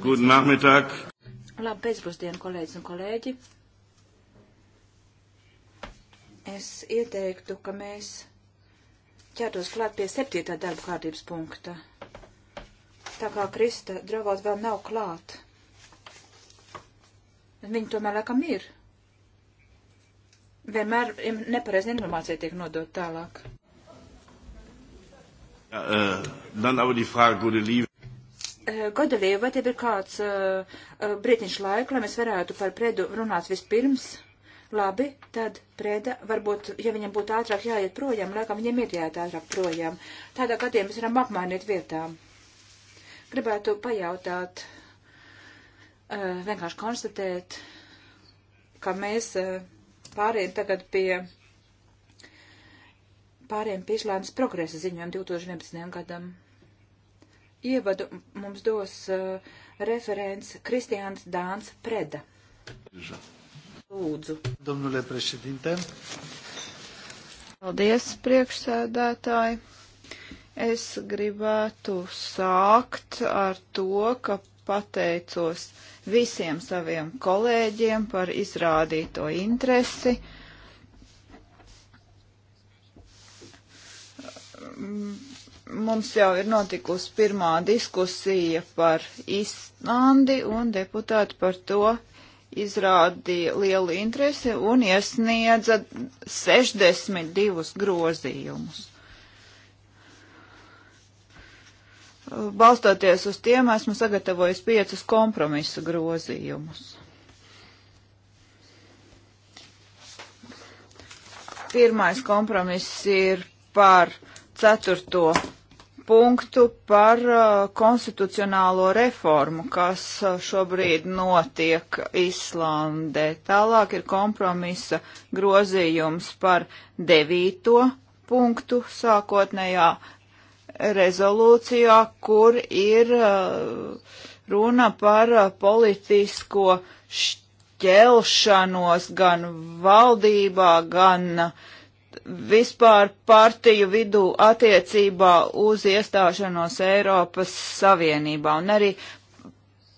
Guten Nachmittag. Labu pēcpusdienu, kolēģis un kolēģi. Es ieteiktu, ka mēs ķertos klāt pie septītā darba kārtības punkta. Tā kā Krista draugos vēl nav klāt. Viņa tomēr laikam ir. Vienmēr nepareiz informācija tiek nodot tālāk. Ja, äh, dann aber die Frage, gute Liebe. Eh, Godavie, vai tev ir kāds uh, eh, eh, brītiņš laika, lai mēs varētu par Predu runāt vispirms? Labi, tad Preda, varbūt, ja viņam būtu ātrāk jāiet projām, laikam viņam ir jāiet ātrāk projām. Tādā gadījumā mēs varam apmainīt vietām. Gribētu pajautāt, uh, vienkārši konstatēt, ka mēs uh, pārējiem tagad pie pārējiem pie izlēmas progresa ziņojuma 2011. gadam. Ievadu mums dos uh, referents Kristiāns Dāns Preda. Lūdzu. Domnule președinte. Paldies, priekšsēdētāji. Es gribētu sākt ar to, ka pateicos visiem saviem kolēģiem par izrādīto interesi. Mm mums jau ir notikusi pirmā diskusija par Islandi, un deputāti par to izrādīja lielu interesi un iesniedza 62 grozījumus. Balstoties uz tiem, esmu sagatavojis piecus kompromisu grozījumus. Pirmais kompromiss ir par ceturto punktu par uh, konstitucionālo reformu, kas uh, šobrīd notiek Islandē. Tālāk ir kompromisa grozījums par devīto punktu sākotnējā rezolūcijā, kur ir uh, runa par politisko šķelšanos gan valdībā, gan uh, vispār partiju vidū attiecībā uz iestāšanos Eiropas Savienībā. Un arī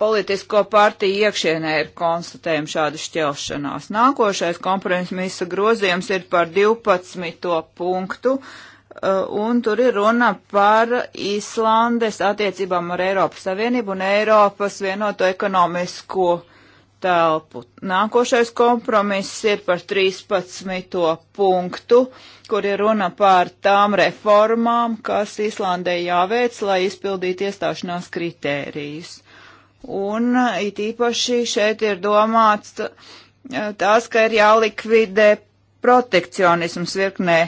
politisko partiju iekšienē ir konstatējumi šādu šķelšanās. Nākošais kompromisa grozījums ir par 12. punktu, uh, un tur ir runa par Īslandes attiecībām ar Eiropas Savienību un Eiropas vienoto ekonomisko telpu. Nākošais kompromiss ir par 13. punktu, kur ir runa par tām reformām, kas Islandē jāveic, lai izpildītu iestāšanās kritērijus. Un uh, it īpaši šeit ir domāts uh, tās, ka ir jālikvidē protekcionisms virknē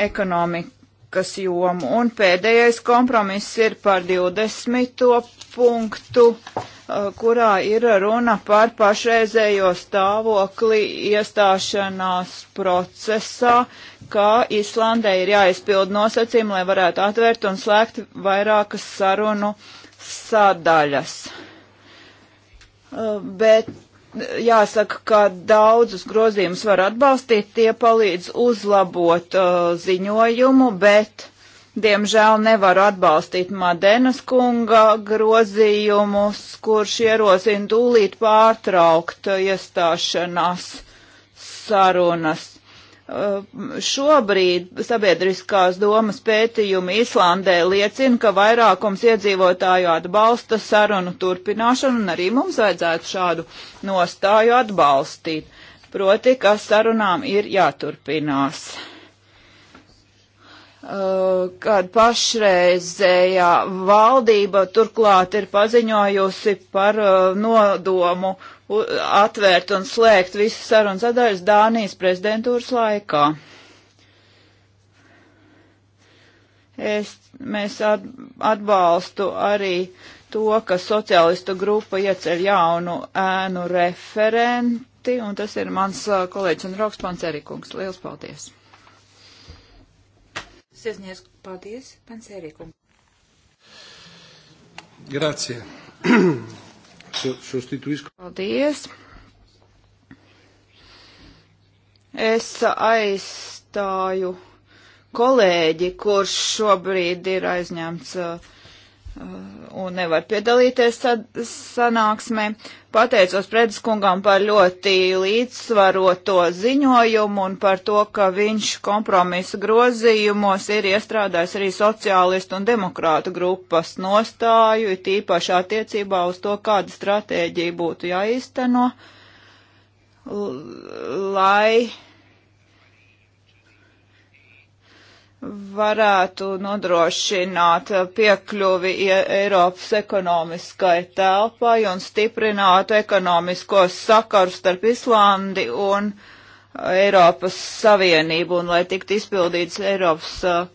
ekonomika politikas jomu. Un pēdējais kompromiss ir par 20. punktu, uh, kurā ir runa par pašreizējo stāvokli iestāšanās procesā, ka Islandē ir jāizpild nosacījumi, lai varētu atvērt un slēgt vairākas sarunu sadaļas. Uh, bet jāsaka, ka daudzus grozījumus var atbalstīt, tie palīdz uzlabot uh, ziņojumu, bet, diemžēl, nevaru atbalstīt Madenas kunga grozījumus, kurš ierosina tūlīt pārtraukt iestāšanās sarunas. Šobrīd sabiedriskās domas pētījumi Islandē liecina, ka vairākums iedzīvotāju atbalsta sarunu turpināšanu, un arī mums vajadzētu šādu nostāju atbalstīt. Proti, ka sarunām ir jāturpinās. Kad pašreizējā valdība turklāt ir paziņojusi par nodomu atvērt un slēgt visas sarunas sadaļas Dānijas prezidentūras laikā. Es, mēs atbalstu arī to, ka sociālistu grupa ieceļ jaunu ēnu referenti, un tas ir mans kolēģis un draugs Pancerikungs. Liels paldies! Sirsnieks, paldies, Pancerikungs! Grazie! Paldies. Es aizstāju kolēģi, kurš šobrīd ir aizņemts uh, un nevar piedalīties sanāksmē. Pateicos Predeskungam par ļoti līdzsvaroto ziņojumu un par to, ka viņš kompromisa grozījumos ir iestrādājis arī sociālistu un demokrātu grupas nostāju, it īpaši attiecībā uz to, kāda stratēģija būtu jāīsteno, lai varētu nodrošināt piekļuvi Eiropas ekonomiskai telpai un stiprinātu ekonomisko sakaru starp Islandi un Eiropas Savienību un lai tiktu izpildīts Eiropas uh,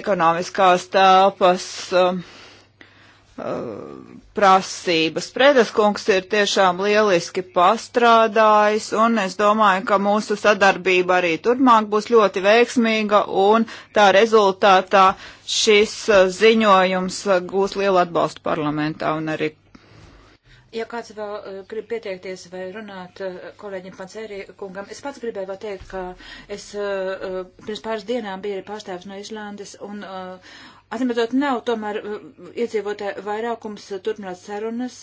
ekonomiskās telpas uh, uh, prasības. Predes kungs ir tiešām lieliski pastrādājis, un es domāju, ka mūsu sadarbība arī turpmāk būs ļoti veiksmīga, un tā rezultātā šis uh, ziņojums uh, gūs lielu atbalstu parlamentā un arī. Ja kāds vēl uh, grib pieteikties vai runāt uh, kolēģim Pancēri kungam, es pats gribēju vēl teikt, ka es uh, uh pirms pāris dienām biju pārstāvis no Islandes un uh, Atsimedzot, nav tomēr uh, iedzīvotāji vairākums uh, turpināt sarunas,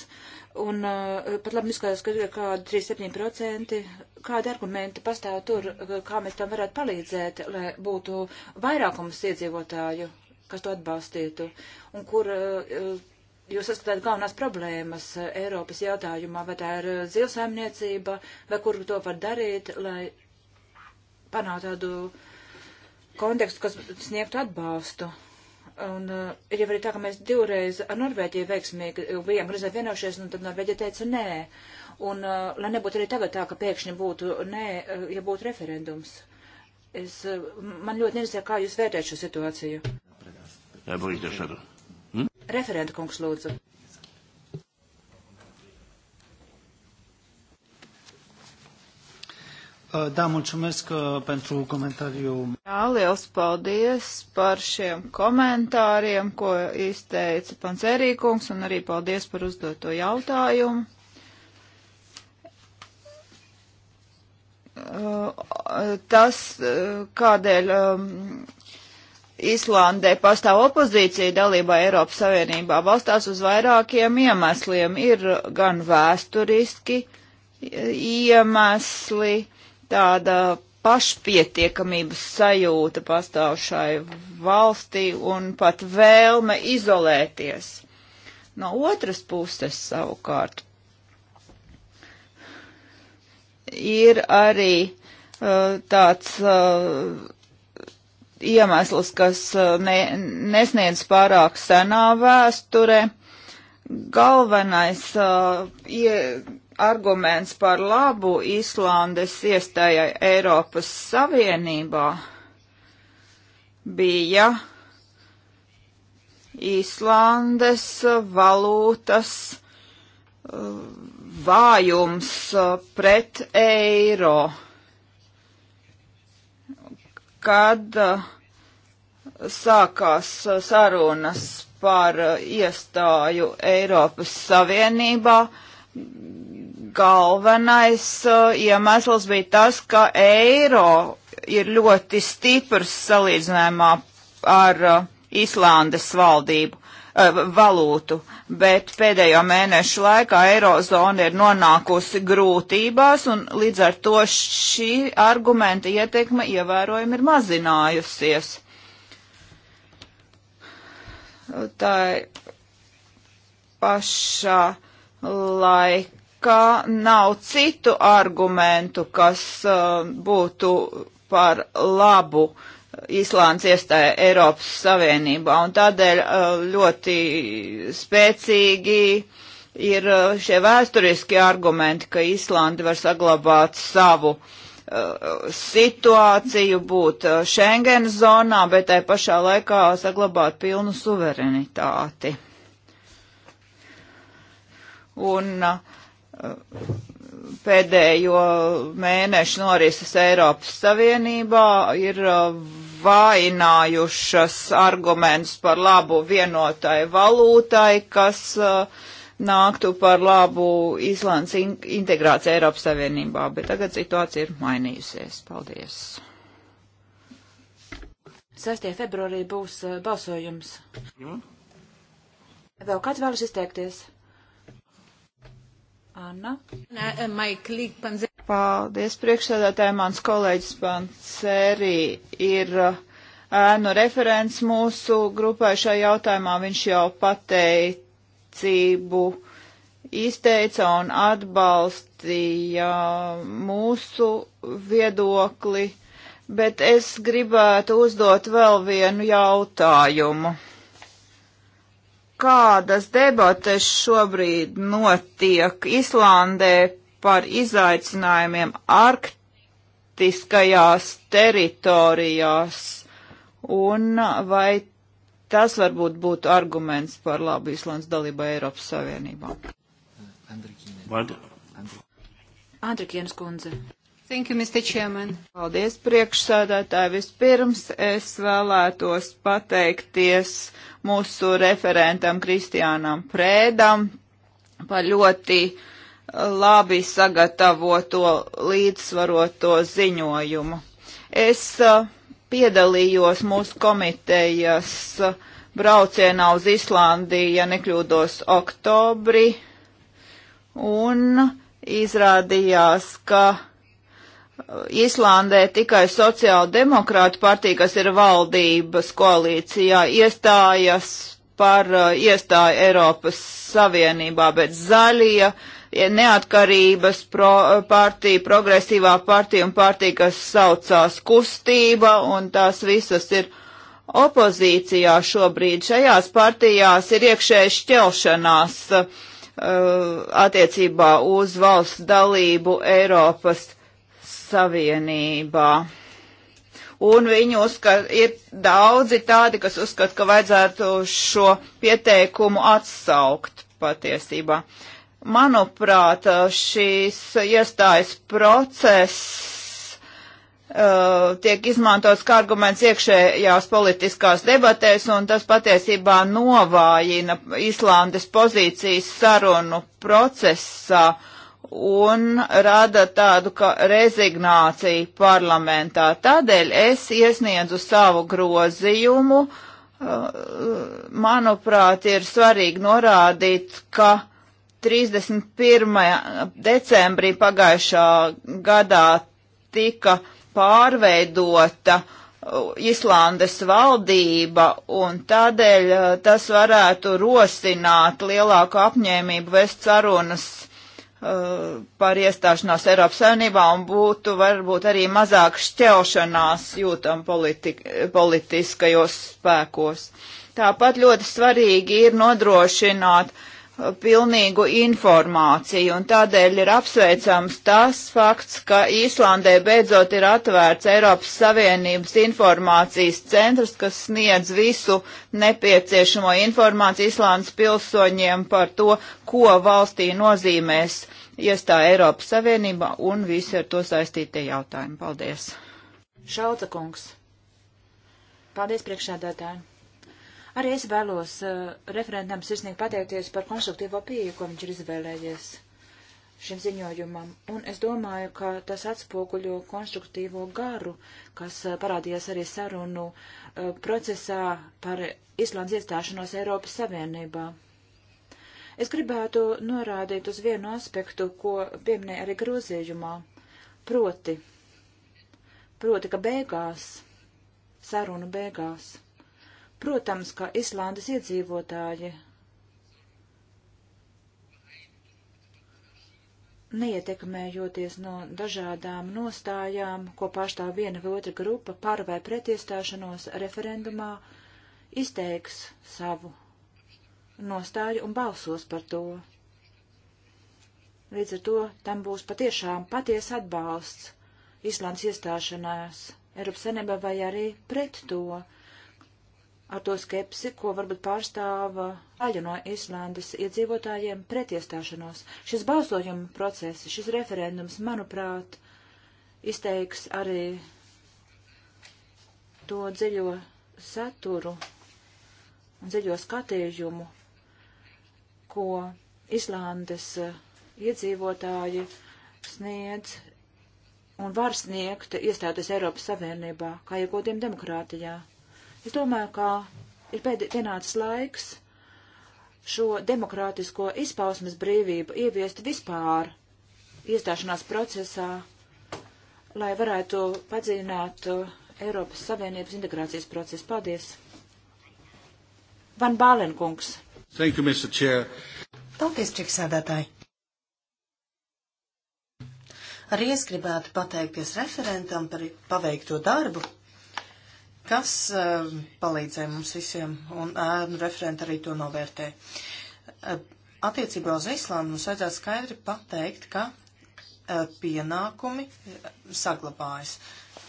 un uh, pat labi izskatās, ka ir kādi 37%. Kādi argumenti pastāv tur, kā mēs tam varētu palīdzēt, lai būtu vairākums iedzīvotāju, kas to atbalstītu, un kur jūs saskatāt galvenās problēmas Eiropas jautājumā, vai tā ir zilsaimniecība, vai kur to var darīt, lai panāktu tādu kontekstu, kas sniegtu atbalstu. Un uh, eh, ir jau arī tā, ka mēs divreiz ar Norvēģiju veiksmīgi bijām reizē vienojušies, un nu, tad Norvēģija teica nē. Un uh, lai nebūtu arī tagad tā, ka pēkšņi būtu nē, uh, ja būtu referendums. Es, uh, man ļoti neinteresē, kā jūs vērtējat šo situāciju. Jā, būs dažādu. Hm? Referenta kungs lūdzu. Da, mulțumesc pentru comentariu. Jā, liels paldies par šiem komentāriem, ko izteica pants Erīkungs, un arī paldies par uzdoto jautājumu. Uh, tas, uh, kādēļ um, Islandē pastāv opozīcija dalībā Eiropas Savienībā, balstās uz vairākiem iemesliem. Ir gan vēsturiski uh, iemesli, tāda pašpietiekamības sajūta pastāv šai valstī un pat vēlme izolēties. No otras puses savukārt ir arī uh, tāds uh, iemesls, kas uh, ne, nesniedz pārāk senā vēsture. Galvenais uh, ie, arguments par labu Īslandes iestājai Eiropas Savienībā bija Īslandes valūtas uh, vājums uh, pret eiro, kad uh, sākās sarunas par iestāju Eiropas Savienībā, galvenais uh, iemesls bija tas, ka eiro ir ļoti stiprs salīdzinājumā ar Īslandes uh, valdību uh, valūtu, bet pēdējo mēnešu laikā eirozona ir nonākusi grūtībās un līdz ar to šī argumenta ietekme ievērojami ir mazinājusies. Tā pašā laikā ka nav citu argumentu, kas uh, būtu par labu Īslāns iestāja Eiropas Savienībā, un tādēļ uh, ļoti spēcīgi ir uh, šie vēsturiskie argumenti, ka Īslanda var saglabāt savu uh, situāciju, būt uh, Schengen zonā, bet tai pašā laikā saglabāt pilnu suverenitāti. Un uh, pēdējo mēnešu norises Eiropas Savienībā ir uh, vainājušas arguments par labu vienotai valūtai, kas uh, nāktu par labu Īslandes integrācija Eiropas Savienībā, bet tagad situācija ir mainījusies. Paldies! 6. februārī būs uh, balsojums. Mm? Vēl kāds vēlas izteikties? Anna. Paldies priekšsēdētāji, mans kolēģis Pansēri ir eh, ēnu referents mūsu grupai šajā jautājumā. Viņš jau pateicību izteica un atbalstīja mūsu viedokli, bet es gribētu uzdot vēl vienu jautājumu kādas debates šobrīd notiek Islandē par izaicinājumiem arktiskajās teritorijās, un vai tas varbūt būtu arguments par labu Islandes dalību Eiropas Savienībā? Andrikienes kundze. Thank you, Mr. Chairman. Paldies, priekšsādātāji. Vispirms es vēlētos pateikties mūsu referentam Kristiānam Prēdam par ļoti uh, labi sagatavoto līdzsvaroto ziņojumu. Es uh, piedalījos mūsu komitejas uh, braucienā uz Islandiju, ja nekļūdos, oktobrī, un izrādījās, ka Islandē tikai sociāla demokrāta partija, kas ir valdības koalīcijā, iestājas par uh, iestāju Eiropas Savienībā, bet zaļie, neatkarības pro, partija, progresīvā partija un partija, kas saucās kustība, un tās visas ir opozīcijā šobrīd. Šajās partijās ir iekšēja šķelšanās uh, attiecībā uz valsts dalību Eiropas Savienībā. Un viņi uzskata, ir daudzi tādi, kas uzskata, ka vajadzētu šo pieteikumu atsaukt patiesībā. Manuprāt, šīs iestājas process uh, tiek izmantots kā arguments iekšējās politiskās debatēs, un tas patiesībā novājina Islandes pozīcijas sarunu procesā. Uh, un rada tādu kā rezignāciju parlamentā. Tādēļ es iesniedzu savu grozījumu. Uh, manuprāt, ir svarīgi norādīt, ka 31. decembrī pagājušā gadā tika pārveidota uh, Islandes valdība, un tādēļ uh, tas varētu rosināt lielāku apņēmību vest sarunas Uh, par iestāšanos Eiropas Savienībā un būtu varbūt arī mazāk šķelšanās jūtam politika, politiskajos spēkos. Tāpat ļoti svarīgi ir nodrošināt uh, pilnīgu informāciju, un tādēļ ir apsveicams tas fakts, ka Īslandē beidzot ir atvērts Eiropas Savienības informācijas centrs, kas sniedz visu nepieciešamo informāciju Īslandes pilsoņiem par to, ko valstī nozīmēs iestāja Eiropas Savienībā un visi ar to saistītie jautājumi. Paldies! Šauca kungs! Paldies priekšsēdētāji! Arī es vēlos uh, referentam sirsnīgi pateikties par konstruktīvo pieeju, ko viņš ir izvēlējies šim ziņojumam, un es domāju, ka tas atspoguļo konstruktīvo garu, kas uh, parādījās arī sarunu uh, procesā par Islandes iestāšanos Eiropas Savienībā. Es gribētu norādīt uz vienu aspektu, ko pieminēja arī grozījumā, proti, proti, ka beigās, sarunu beigās Protams, ka Islandes iedzīvotāji neietekmējoties no dažādām nostājām, ko pārstāv viena vai otra grupa par vai pretiestāšanos referendumā, izteiks savu nostāju un balsos par to. Līdz ar to tam būs patiešām paties atbalsts Islands iestāšanās Eiropas Savienībā vai arī pret to, ar to skepsi, ko varbūt pārstāva daļa no Islandes iedzīvotājiem pretiestāšanos. Šis balsojuma process, šis referendums, manuprāt, izteiks arī to dziļo saturu un dziļo skatījumu, ko Islandes iedzīvotāji sniedz un var sniegt iestāties Eiropas Savienībā, kā iegūtiem demokrātijā. Es domāju, ka ir pēdējais pienācis laiks šo demokrātisko izpausmes brīvību ieviest vispār iestāšanās procesā, lai varētu padziļināt uh, Eiropas Savienības integrācijas procesu. Paldies! Van Bālenkungs. Thank you, Mr. Chair. Paldies, priekšsēdētāji. Arī es gribētu pateikties referentam par paveikto darbu kas uh, palīdzēja mums visiem, un ēnu uh, referenti arī to novērtē. Uh, attiecībā uz Islānu mums vajadzētu skaidri pateikt, ka uh, pienākumi uh, saglabājas.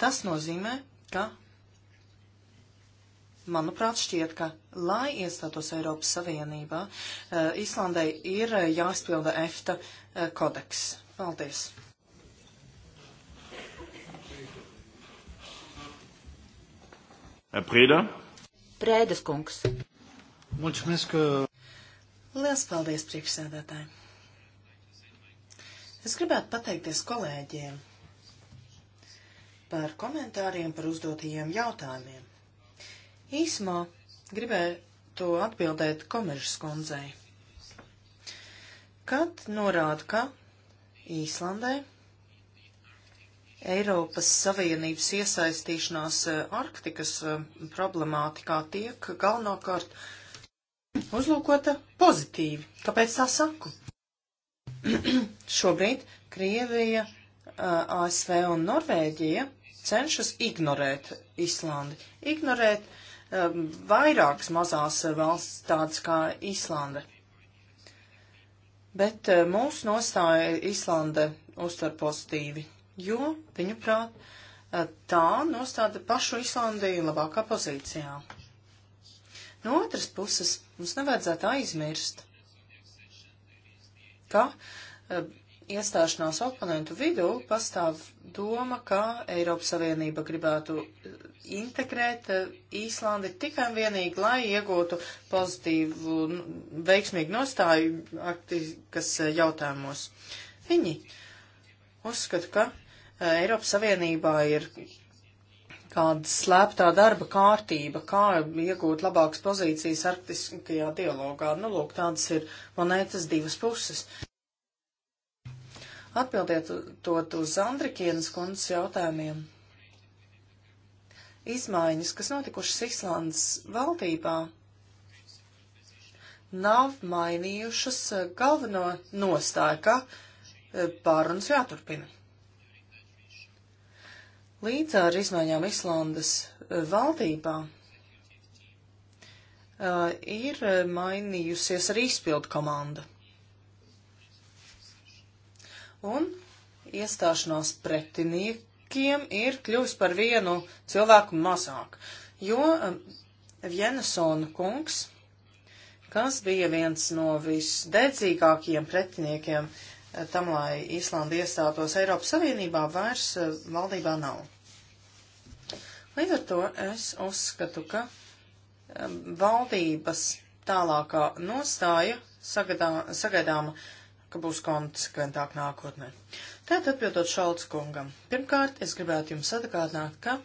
Tas nozīmē, ka, manuprāt, šķiet, ka, lai iestātos Eiropas Savienībā, uh, Islandai ir uh, jāizpilda EFTA uh, kodeks. Paldies! Eh, Prēda. Prēdas kungs. Mulțumesc. Lielas paldies, priekšsēdētāji. Es gribētu pateikties kolēģiem par komentāriem, par uzdotajiem jautājumiem. Īsumā gribētu atbildēt komežas kundzei. Kad norāda, ka Īslandē Eiropas Savienības iesaistīšanās eh, Arktikas eh, problemātikā tiek galvenokārt uzlūkota pozitīvi. Kāpēc tā saku? Šobrīd Krievija, eh, ASV un Norvēģija cenšas ignorēt Islandi, ignorēt um, vairākas mazās valsts tādas kā Islanda. Bet uh, mūsu nostāja Islanda uztver pozitīvi jo, viņuprāt, eh, tā nostāda pašu Islandiju labākā pozīcijā. No otras puses, mums nevajadzētu aizmirst, ka eh, iestāšanās oponentu vidū pastāv doma, ka Eiropas Savienība gribētu eh, integrēt Īslandi tikai un vienīgi, lai iegūtu pozitīvu, veiksmīgu nostāju Arktikas jautājumos. Viņi uzskata, ka Eiropas Savienībā ir kāda slēptā darba kārtība, kā iegūt labākas pozīcijas arktiskajā dialogā. Nu, lūk, tādas ir monētas divas puses. Atbildiet to uz Andrikienas kundzes jautājumiem. Izmaiņas, kas notikušas Islandes valdībā, nav mainījušas galveno nostāju, ka eh, pārunas jāturpina. Līdz ar izmaiņām Islandas eh, valdībā eh, ir mainījusies arī izpildu komanda. Un iestāšanās pretiniekiem ir kļuvis par vienu cilvēku mazāk, jo Vienesona eh, kungs, kas bija viens no visdedzīgākajiem pretiniekiem tam, lai Īslanda iestātos Eiropas Savienībā, vairs valdībā nav. Līdz ar to es uzskatu, ka valdības tālākā nostāja sagadā, sagaidāma, ka būs konsekventāk nākotnē. Tātad atbildot Šalts kungam, pirmkārt es gribētu jums atgādināt, ka,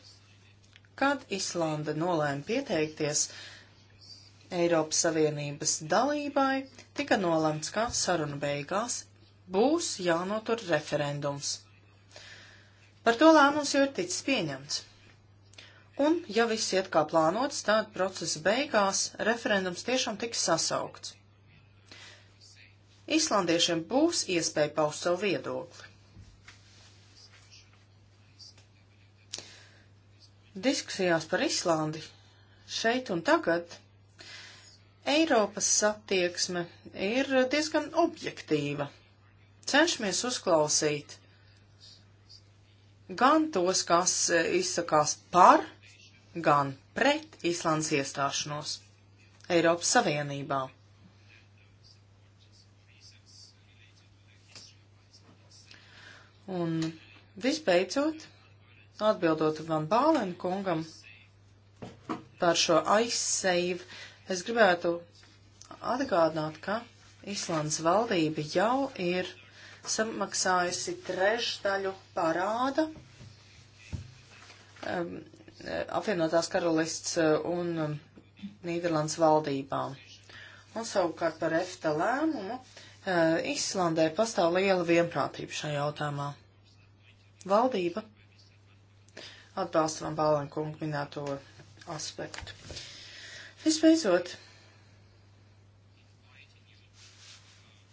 kad Islanda nolēma pieteikties Eiropas Savienības dalībai, tika nolemts, ka saruna beigās būs jānotur referendums. Par to lēmums jau ir ticis pieņemts. Un, ja viss iet kā plānots, tad procesa beigās referendums tiešām tiks sasaukts. Islandiešiem būs iespēja paust savu viedokli. Diskusijās par Islandi šeit un tagad Eiropas satieksme ir diezgan objektīva. Cenšamies uzklausīt gan tos, kas izsakās par gan pret Īslandes iestāšanos Eiropas Savienībā. Un visbeidzot, atbildot Van Bālen kungam par šo aizseivu, es gribētu atgādināt, ka Islandes valdība jau ir samaksājusi trešdaļu parāda um, Eh, apvienotās karalists eh, un eh, Nīderlandes valdībām. Un savukārt par EFTA lēmumu Islandē pastāv liela vienprātība šajā jautājumā. Valdība atbalsta man Bālenkungu minēto aspektu. Visbeidzot,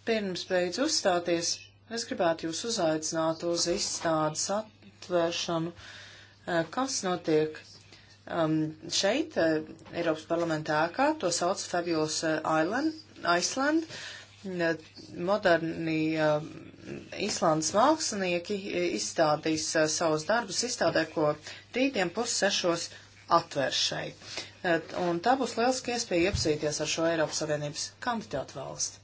pirms beidz uzstāties, es gribētu jūs uzaicināt uz izstādes atvēršanu uh, Eh, kas notiek um, šeit, eh, Eiropas parlamentā ēkā, to sauc Fabulous eh, Island, Iceland, moderni uh, Islandes mākslinieki izstādīs uh, savus darbus izstādē, ko rītdien pussešos atver šeit. Uh, un tā būs lieliski iespēja iepazīties ar šo Eiropas Savienības kandidātu valsti.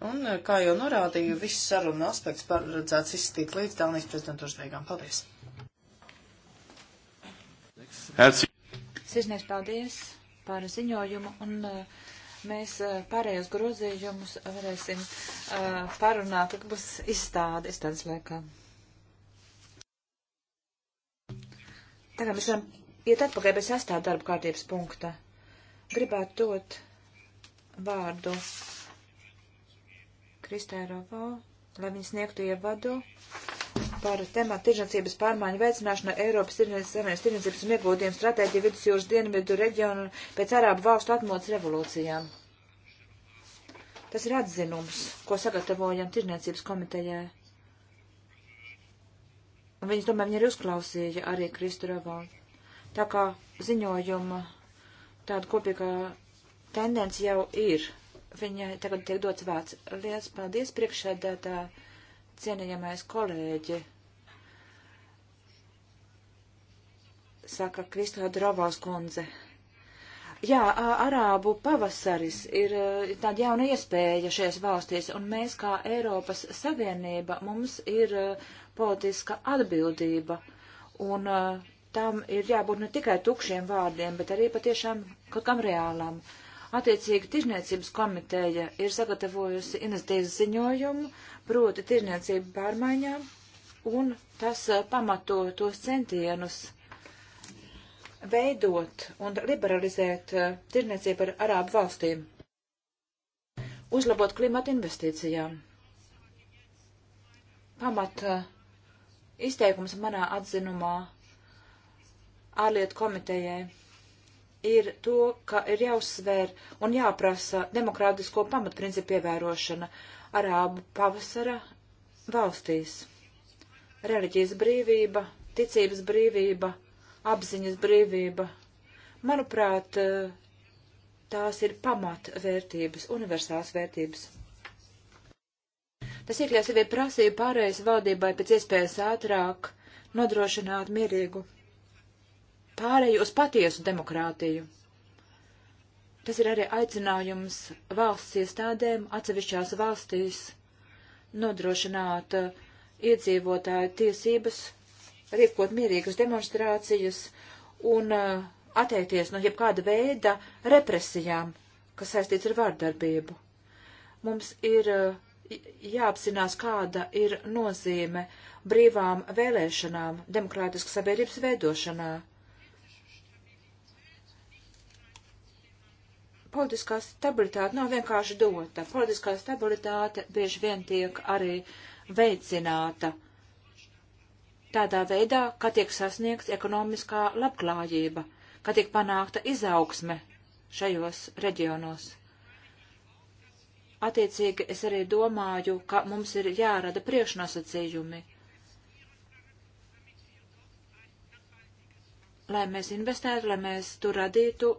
Un, eh, kā jau norādīju, viss saruna aspekts paredzēts izstīt līdz Dānijas prezidentūras beigām. Paldies! Sirsnieks paldies par ziņojumu, un eh, mēs eh, pārējos grozījumus varēsim pārunāt, kad būs izstāde izstādes laikā. Tagad mēs varam iet atpakaļ pie sastā darba kārtības punkta. Gribētu dot vārdu Kristē Ravā, lai viņi sniegtu ievadu par tematu tirdzniecības pārmaiņu veicināšanu Eiropas Savienības tirdzniecības un iegūtiem stratēģiju vidusjūras dienvidu reģionu pēc Arābu valstu atmodas revolūcijām. Tas ir atzinums, ko sagatavojam tirdzniecības komitejai. Un viņas, domāju, viņi arī uzklausīja arī Kristuravā. Tā kā ziņojuma tāda kopīga tendence jau ir viņai tagad tiek dots vārds. Liels paldies priekšsēdētā cienījamais kolēģi. Saka Kristā Dravās kundze. Jā, arābu pavasaris ir tāda jauna iespēja šajās valstīs, un mēs kā Eiropas Savienība mums ir politiska atbildība, un tam ir jābūt ne tikai tukšiem vārdiem, bet arī patiešām kaut kam reālam. Uh, Attiecīgi Tirzniecības komiteja ir sagatavojusi iniciatīvas ziņojumu, proti tirzniecību pārmaiņām, un tas eh, pamato tos centienus veidot un liberalizēt eh, tirniecību ar Arābu valstīm, uzlabot klimatu investīcijām. Pamat eh, izteikums manā atzinumā ārlietu komitejai ir to, ka ir jāuzsver un jāprasa demokrātisko pamatprincipu ievērošana arābu pavasara valstīs. Reliģijas brīvība, ticības brīvība, apziņas brīvība. Manuprāt, tās ir pamatvērtības, universāls vērtības. Tas iekļās arī prasīja pārējais valdībai pēc iespējas ātrāk nodrošināt mierīgu pārēju uz patiesu demokrātiju. Tas ir arī aicinājums valsts iestādēm atsevišķās valstīs nodrošināt uh, iedzīvotāju tiesības, riekot mierīgas demonstrācijas un uh, atteikties no jebkāda veida represijām, kas saistīts ar vārdarbību. Mums ir uh, jāapzinās, kāda ir nozīme brīvām vēlēšanām demokrātiskas sabiedrības veidošanā. politiskā stabilitāte nav vienkārši dota. Politiskā stabilitāte bieži vien tiek arī veicināta tādā veidā, ka tiek sasniegts ekonomiskā labklājība, ka tiek panākta izaugsme šajos reģionos. Attiecīgi es arī domāju, ka mums ir jārada priekšnosacījumi, lai mēs investētu, lai mēs tur radītu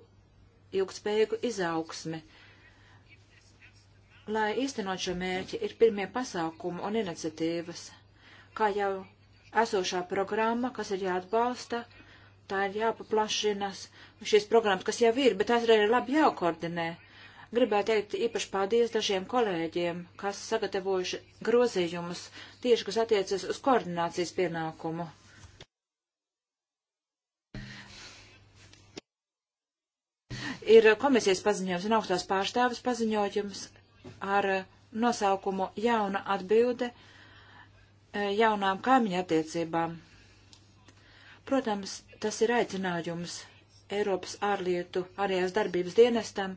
ilgspējīgu izaugsmi. Lai īstenot šo mērķi, ir pirmie pasākumi un iniciatīvas, kā jau esošā programma, kas ir jāatbalsta, tā ir jāpaplašinas, šīs programmas, kas jau ir, bet tās arī ir labi jākoordinē. Gribētu teikt īpaši paldies dažiem kolēģiem, kas sagatavojuši grozījumus tieši, kas attiecas uz koordinācijas pienākumu. ir komisijas paziņojums un augstās pārstāvis paziņojums ar nosaukumu jauna atbilde eh, jaunām kaimiņa attiecībām. Protams, tas ir aicinājums Eiropas ārlietu arējās darbības dienestam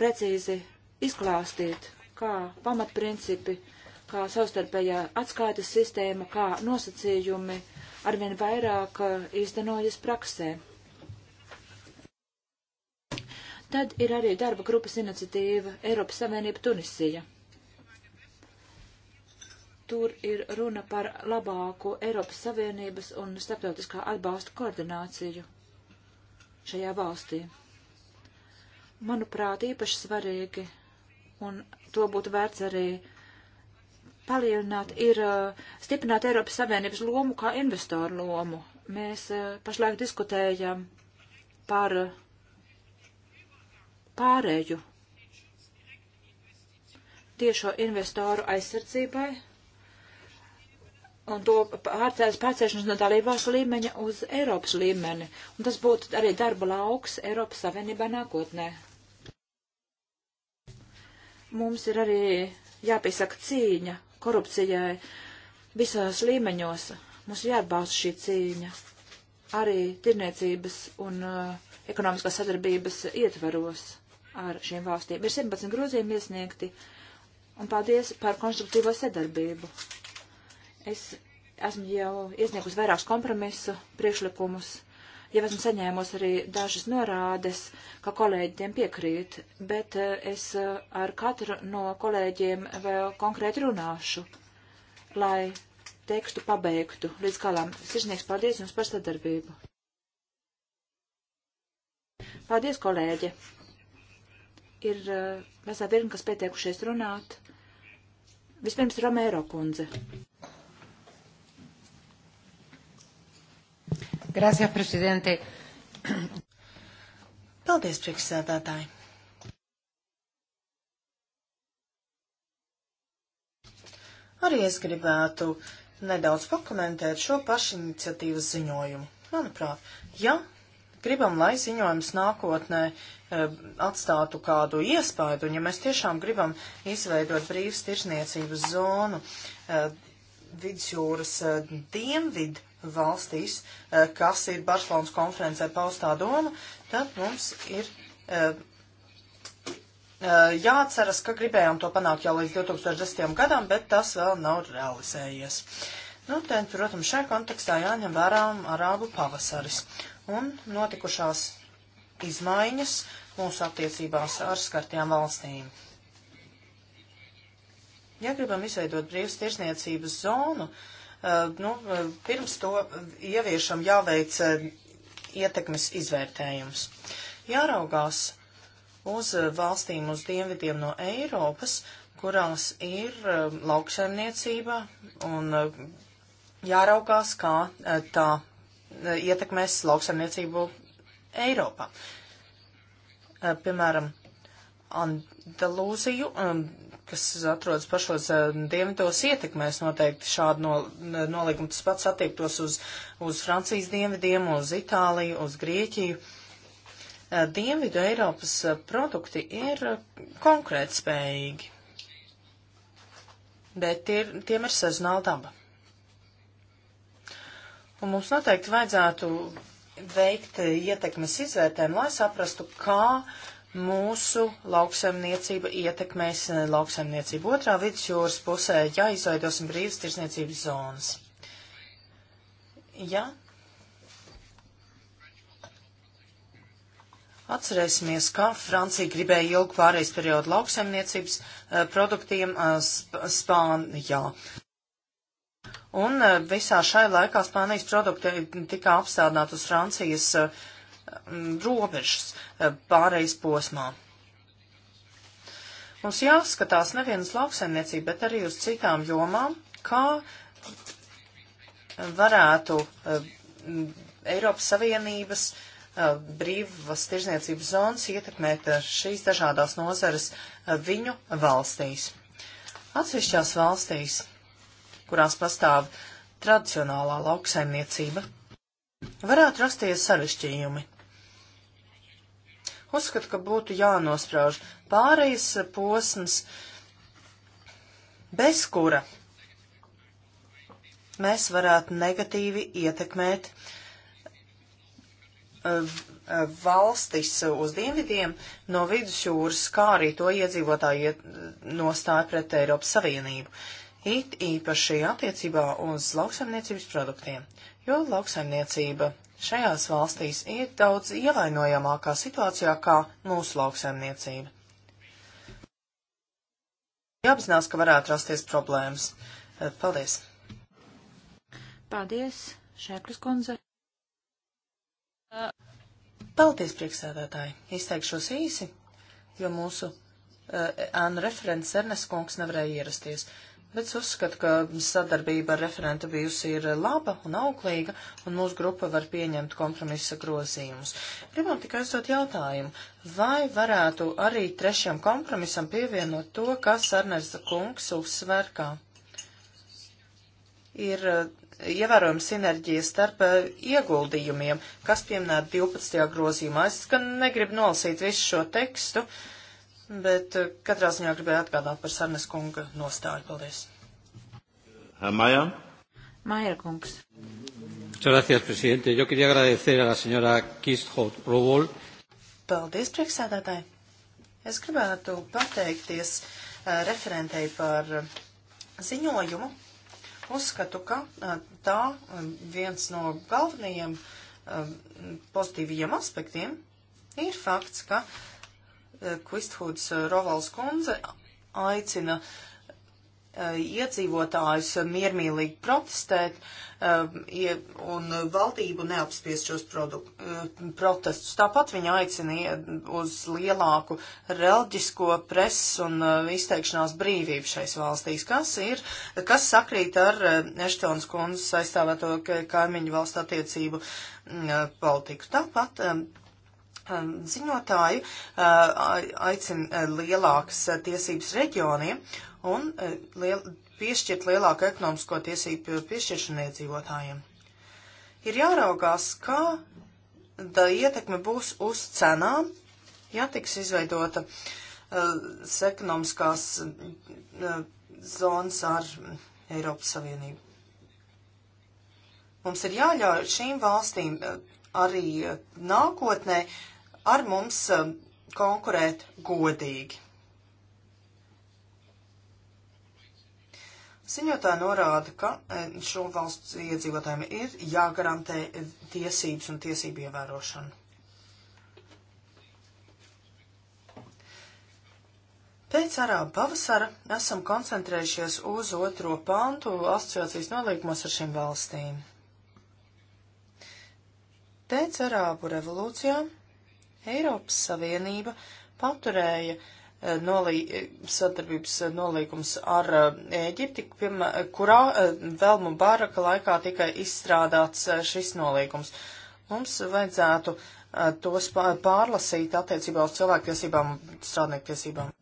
precīzi izklāstīt, kā pamatprincipi, kā savstarpējā atskaites sistēma, kā nosacījumi arvien vairāk eh, īstenojas praksē. Tad ir arī darba grupas iniciatīva Eiropas Savienība Tunisija. Tur ir runa par labāku Eiropas Savienības un starptautiskā atbalsta koordināciju šajā valstī. Manuprāt, īpaši svarīgi, un to būtu vērts arī palielināt, ir uh, stiprināt Eiropas Savienības lomu kā investoru lomu. Mēs uh, pašlaik diskutējam par pārēju tiešo investoru aizsardzībai un to pārcēšanas no dalībās līmeņa uz Eiropas līmeni. Un tas būtu arī darba lauks Eiropas Savienībā nākotnē. Mums ir arī jāpiesaka cīņa korupcijai visās līmeņos. Mums jāatbalsta šī cīņa arī tirniecības un uh, ekonomiskās sadarbības ietvaros ar šīm valstīm. Ir 17 grozījumi iesniegti, un paldies par konstruktīvo sadarbību. Es esmu jau iesniegus vairākus kompromisu priekšlikumus, jau esmu saņēmus arī dažas norādes, ka kolēģi tiem piekrīt, bet eh, es eh, ar katru no kolēģiem vēl konkrēti runāšu, lai tekstu pabeigtu līdz galam. Sirsnieks, paldies jums par sadarbību. Paldies, kolēģi! ir vesā eh, virkni, kas pieteikušies runāt. Vispirms Romēro kundze. Gracias, prezidente. Paldies, priekšsēdētāji. Arī es gribētu nedaudz pakomentēt šo pašiniciatīvas ziņojumu. Manuprāt, ja gribam, lai ziņojums nākotnē eh, atstātu kādu iespaidu, un ja mēs tiešām gribam izveidot brīvas tirsniecības zonu eh, vidusjūras eh, dienvidu valstīs, kas ir Barcelonas konferencē paustā doma, tad mums ir jāatceras, ka gribējām to panākt jau līdz 2010. gadam, bet tas vēl nav realizējies. Nu, te, protams, šajā kontekstā jāņem vērā arābu pavasaris un notikušās izmaiņas mūsu attiecībās ar skartajām valstīm. Ja gribam izveidot brīvas tirsniecības zonu, eh, nu, eh, pirms to ieviešam jāveic eh, ietekmes izvērtējums. Jāraugās uz valstīm uz dienvidiem no Eiropas, kurās ir lauksaimniecība un jāraugās, kā tā E, ietekmēs lauksaimniecību Eiropā. E, piemēram, Andalūziju, e, kas atrodas pašos dienvidos, ietekmēs noteikti šādu no, nolīgumu. Tas pats attiektos uz, uz Francijas dienvidiem, uz Itāliju, uz Grieķiju. Dienvidu Eiropas produkti ir konkrētspējīgi, bet tie, tiem ir sezonāla daba. Un mums noteikti vajadzētu veikt ietekmes izvērtējumu, lai saprastu, kā mūsu lauksaimniecība ietekmēs eh, lauksaimniecību otrā vidusjūras pusē, ja izveidosim brīvas tirsniecības zonas. Ja Atcerēsimies, kā Francija gribēja ilgu pārejas periodu lauksaimniecības eh, produktiem eh, Spānijā. Un eh, visā šai laikā Spānijas produkti tika apstādināti uz Francijas eh, robežas eh, pārejas posmā. Mums jāskatās nevienas lauksaimniecība, bet arī uz citām jomām, kā varētu Eiropas Savienības brīvas tirzniecības zonas ietekmēt šīs dažādās nozares viņu valstīs. Atsevišķās valstīs kurās pastāv tradicionālā lauksaimniecība, varētu rasties sarešķījumi. Uzskatu, ka būtu jānosprauž pārejas posms, bez kura mēs varētu negatīvi ietekmēt eh, eh, valstis uz dienvidiem no vidusjūras, kā arī to iedzīvotāju nostāju pret Eiropas Savienību it īpaši attiecībā uz lauksaimniecības produktiem, jo lauksaimniecība šajās valstīs ir daudz ievainojamākā situācijā kā mūsu lauksaimniecība. Jāapzinās, ka varētu rasties problēmas. Eh, paldies! Paldies, Šēklis kundze! Eh. Paldies, priekšsēdētāji! Izteikšos īsi, jo mūsu eh, ēnu uh, referents Ernes kungs nevarēja ierasties. Uh, Bet es uzskatu, ka sadarbība ar referentu bijusi ir laba un auglīga, un mūsu grupa var pieņemt kompromisa grozījumus. Gribam tikai uzdot jautājumu, vai varētu arī trešajam kompromisam pievienot to, kas Arnerza kungs uzsver, kā ir eh, ievērojama sinerģija starp eh, ieguldījumiem, kas pieminēta 12. grozījumā. Es gan negribu nolasīt visu šo tekstu. Uh, Bet eh, katrā ziņā gribēju atgādāt par Sarnes kunga nostāju. Paldies. Maija. Maija kungs. Muchas gracias, presidente. Yo quería agradecer a la señora Kisthout Robol. Paldies, priekšsēdētāji. Es gribētu pateikties uh, referentei par uh, ziņojumu. Uzskatu, ka uh, tā viens no galvenajiem pozitīvajiem aspektiem ir fakts, ka Kvisthūds eh, Rovals kundze aicina eh, iedzīvotājus miermīlīgi protestēt eh, un valdību neapspiest šos protestus. Tāpat viņa aicina uz lielāku reliģisko preses un izteikšanās brīvību šais valstīs, kas ir, kas sakrīt ar Eštons kundzes aizstāvēto kaimiņu valstu attiecību mm, politiku. Tāpat Um, ziņotāju uh, aicina uh, lielākas uh, tiesības reģioniem un liel, piešķirt lielāku ekonomisko tiesību piešķiršanu iedzīvotājiem. Ir jāraugās, kā ietekme būs uz cenām, ja tiks izveidota uh, ekonomiskās uh, zonas ar Eiropas Savienību. Mums ir jāļauj šīm valstīm uh, arī nākotnē uh, ar mums um, konkurēt godīgi. Ziņotā norāda, ka um, šo valsts iedzīvotājiem ir jāgarantē tiesības un tiesību ievērošana. Pēc arābu pavasara esam koncentrējušies uz otro pantu asociācijas nolīgumos ar šīm valstīm. Pēc arābu revolūcijām Eiropas Savienība paturēja eh, nolī, eh, sadarbības eh, nolīgums ar Ēģipti, kurā vēl Mubaraka laikā tika izstrādāts šis nolīgums. Mums vajadzētu tos pārlasīt attiecībā uz cilvēktiesībām un strādniektiesībām.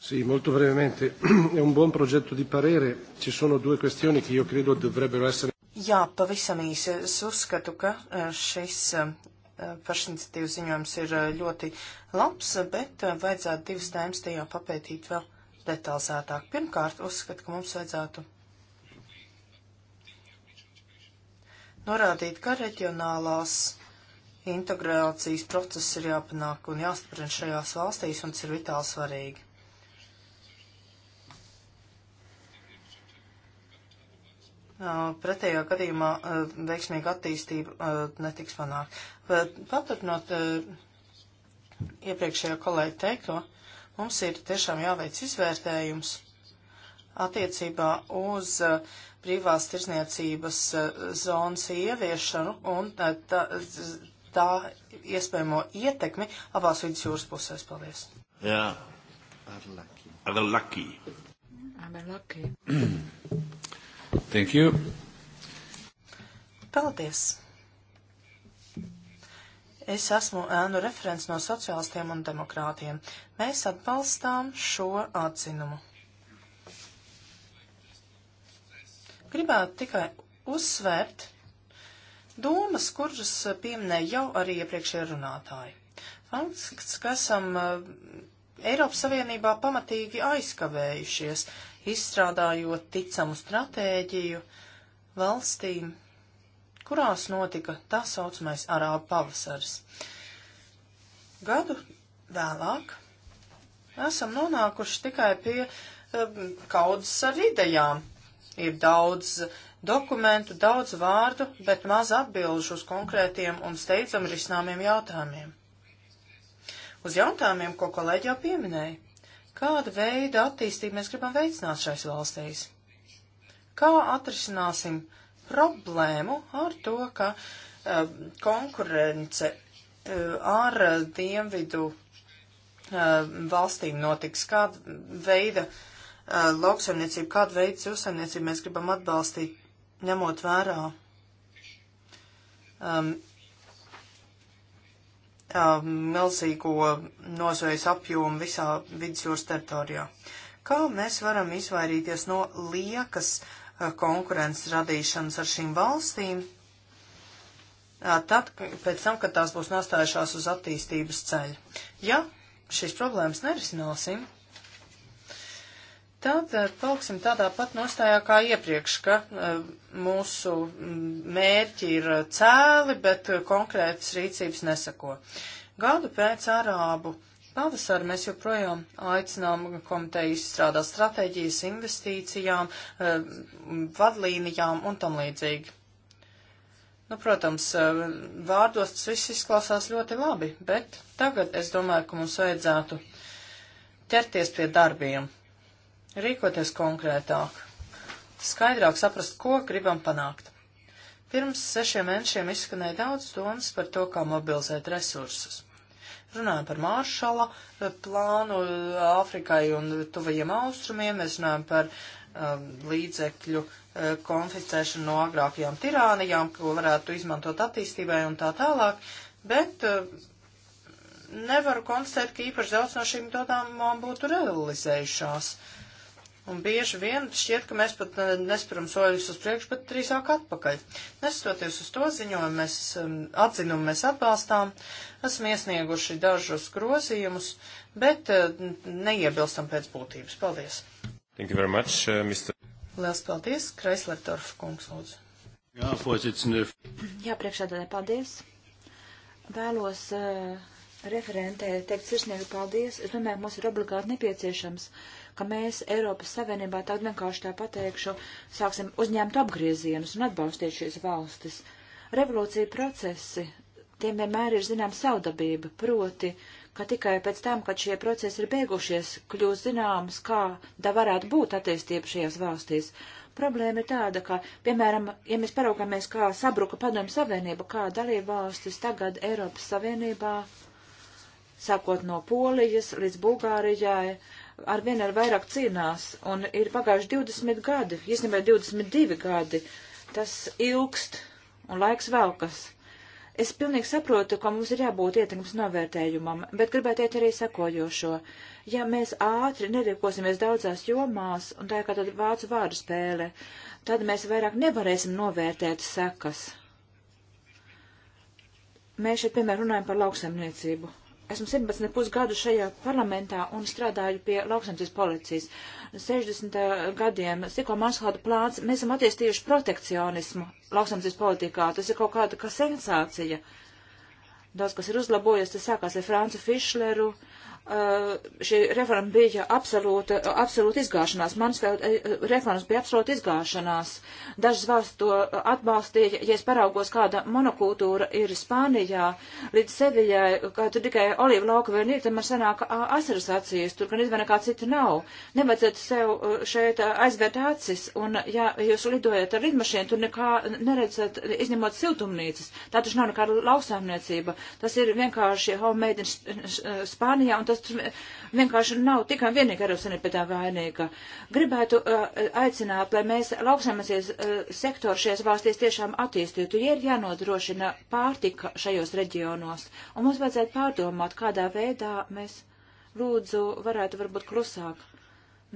Sì, molto brevemente. È un buon progetto di parere. Ci sono due questioni che io credo dovrebbero essere. Jā, pavisam īsi. Es uzskatu, ka šis pašiniciatīvas ziņojums ir eh, ļoti labs, bet eh, vajadzētu divas tēmas tajā papētīt vēl detalizētāk. Pirmkārt, uzskatu, ka mums vajadzētu norādīt, ka reģionālās integrācijas process ir jāpanāk un jāstiprina šajās valstīs, un tas ir vitāli svarīgi. Pretējā gadījumā veiksmīga attīstība netiks panākt. Paturpinot iepriekšējā kolēģa teikto, mums ir tiešām jāveic izvērtējums attiecībā uz brīvās tirzniecības zonas ieviešanu un tā, tā iespējamo ietekmi abās vidusjūras pusēs. Paldies! Jā, ar laki. Ar laki. Ar laki. Thank you. Paldies. Es esmu ēnu referents no sociālistiem un demokrātiem. Mēs atbalstām šo atzinumu. Gribētu tikai uzsvērt domas, kuras pieminēja jau arī iepriekšējie runātāji. Fakts, ka esam eh, Eiropas Savienībā pamatīgi aizkavējušies izstrādājot ticamu stratēģiju valstīm, kurās notika tā saucamais arābu pavasars. Gadu vēlāk esam nonākuši tikai pie um, kaudzes ar idejām. Ir daudz dokumentu, daudz vārdu, bet maz atbilžu uz konkrētiem un steidzam risināmiem jautājumiem. Uz jautājumiem, ko kolēģi jau pieminēja. Kādu veidu attīstību mēs gribam veicināt šais valstīs? Kā atrisināsim problēmu ar to, ka uh, konkurence uh, ar uh, dienvidu eh, valstīm notiks, kāda veida lauksaimniecība, kāda veida zivsaimniecība mēs gribam atbalstīt, ņemot vērā um, milzīgo nozvejas apjomu visā vidusjūras teritorijā. Kā mēs varam izvairīties no liekas eh, konkurences radīšanas ar šīm valstīm, tad, pēc tam, kad tās būs nostājušās uz attīstības ceļa? Ja šīs problēmas nerisināsim, Tad eh, paliksim tādā pat nostājā kā iepriekš, ka eh, mūsu mm, mērķi ir eh, cēli, bet konkrētas rīcības nesako. Gadu pēc arābu pavasara mēs joprojām aicinām komiteju izstrādāt stratēģijas investīcijām, vadlīnijām un tam līdzīgi. Nu, protams, vārdos tas viss izklausās ļoti labi, bet tagad es domāju, ka mums vajadzētu ķerties pie darbiem rīkoties konkrētāk, skaidrāk saprast, ko gribam panākt. Pirms sešiem mēnešiem izskanēja daudz domas par to, kā mobilizēt resursus. Runājam par Māršala eh, plānu eh, Āfrikai un tuvajiem austrumiem, mēs runājam par um, līdzekļu uh, konficēšanu no agrākajām tirānijām, ko varētu izmantot attīstībai un tā tālāk, bet uh, nevaru konstatēt, ka īpaši daudz no šīm dodām būtu realizējušās. Uh, Un bieži vien šķiet, ka mēs pat eh, nesparam soļus uz priekšu, bet drīzāk atpakaļ. Nestoties uz to ziņojumu, mēs um, atzinumu mēs atbalstām, esam iesnieguši dažus grozījumus, bet eh, neiebilstam pēc būtības. Paldies! Thank you very much, uh, Mr. Liels paldies, Kreislertorf kungs, lūdzu. Jā, pozicīni. Jā, priekšādādā, paldies. Vēlos uh, referentē teikt sirsnīgi paldies. Es domāju, mums ir obligāti nepieciešams. Uh, ka mēs Eiropas Savienībā tagad vienkārši tā pateikšu, sāksim uzņemt apgriezienus un atbalstīt šīs valstis. Revolūcija procesi, tiem vienmēr ir zinām saudabība, proti, ka tikai pēc tam, kad šie procesi ir beigušies, kļūst zināms, kā tā varētu būt attīstība šajās valstīs. Problēma ir tāda, ka, piemēram, ja mēs paraugāmies, kā sabruka padomu savienība, kā dalība valstis tagad Eiropas Savienībā, sākot no Polijas līdz Bulgārijai, uh, ar vien ar vairāk cīnās, un ir pagājuši 20 gadi, īstenībā 22 gadi. Tas ilgst, un laiks velkas. Es pilnīgi saprotu, ka mums ir jābūt ietekmes novērtējumam, bet gribētu iet arī sekojošo. Ja mēs ātri nerīkosimies daudzās jomās, un tā ir kā tāda vācu vārdu spēle, tad mēs vairāk nevarēsim novērtēt sekas. Mēs šeit, piemēram, runājam par lauksaimniecību esmu 17 pusgadu šajā parlamentā un strādāju pie lauksaimniecības policijas. 60. Eh, gadiem Siko Maršalda plāns, mēs esam attīstījuši protekcionismu lauksaimniecības politikā. Tas ir kaut kāda kā sensācija. Daudz, kas ir uzlabojies, tas sākās ar Francu Fišleru, uh, Eh, šī reforma bija absolūta, absolūta izgāšanās. Mansfeld eh, eh, reformas bija absolūta izgāšanās. Dažas valsts to atbalstīja. Ja es paraugos, kāda monokultūra ir Spānijā līdz Sevijai, kā tur tikai olīva lauka vien ir, tad man sanāk asaras acīs, tur gan izvēna kā cita nav. Nevajadzētu sev šeit aizvērt acis, un ja jūs lidojat ar lidmašīnu, tur nekā neredzat, izņemot siltumnīcas. Tā taču nav nekāda lauksāmniecība. Tas ir vienkārši homemade Spānijā. Un tas vienkārši nav tikai vienīgi Eiropas Savienība pie tā vainīga. Gribētu uh, aicināt, lai mēs lauksamasies uh, sektoru šajās valstīs tiešām attīstītu, ja ir jānodrošina pārtika šajos reģionos. Un mums vajadzētu pārdomāt, kādā veidā mēs lūdzu varētu varbūt klusāk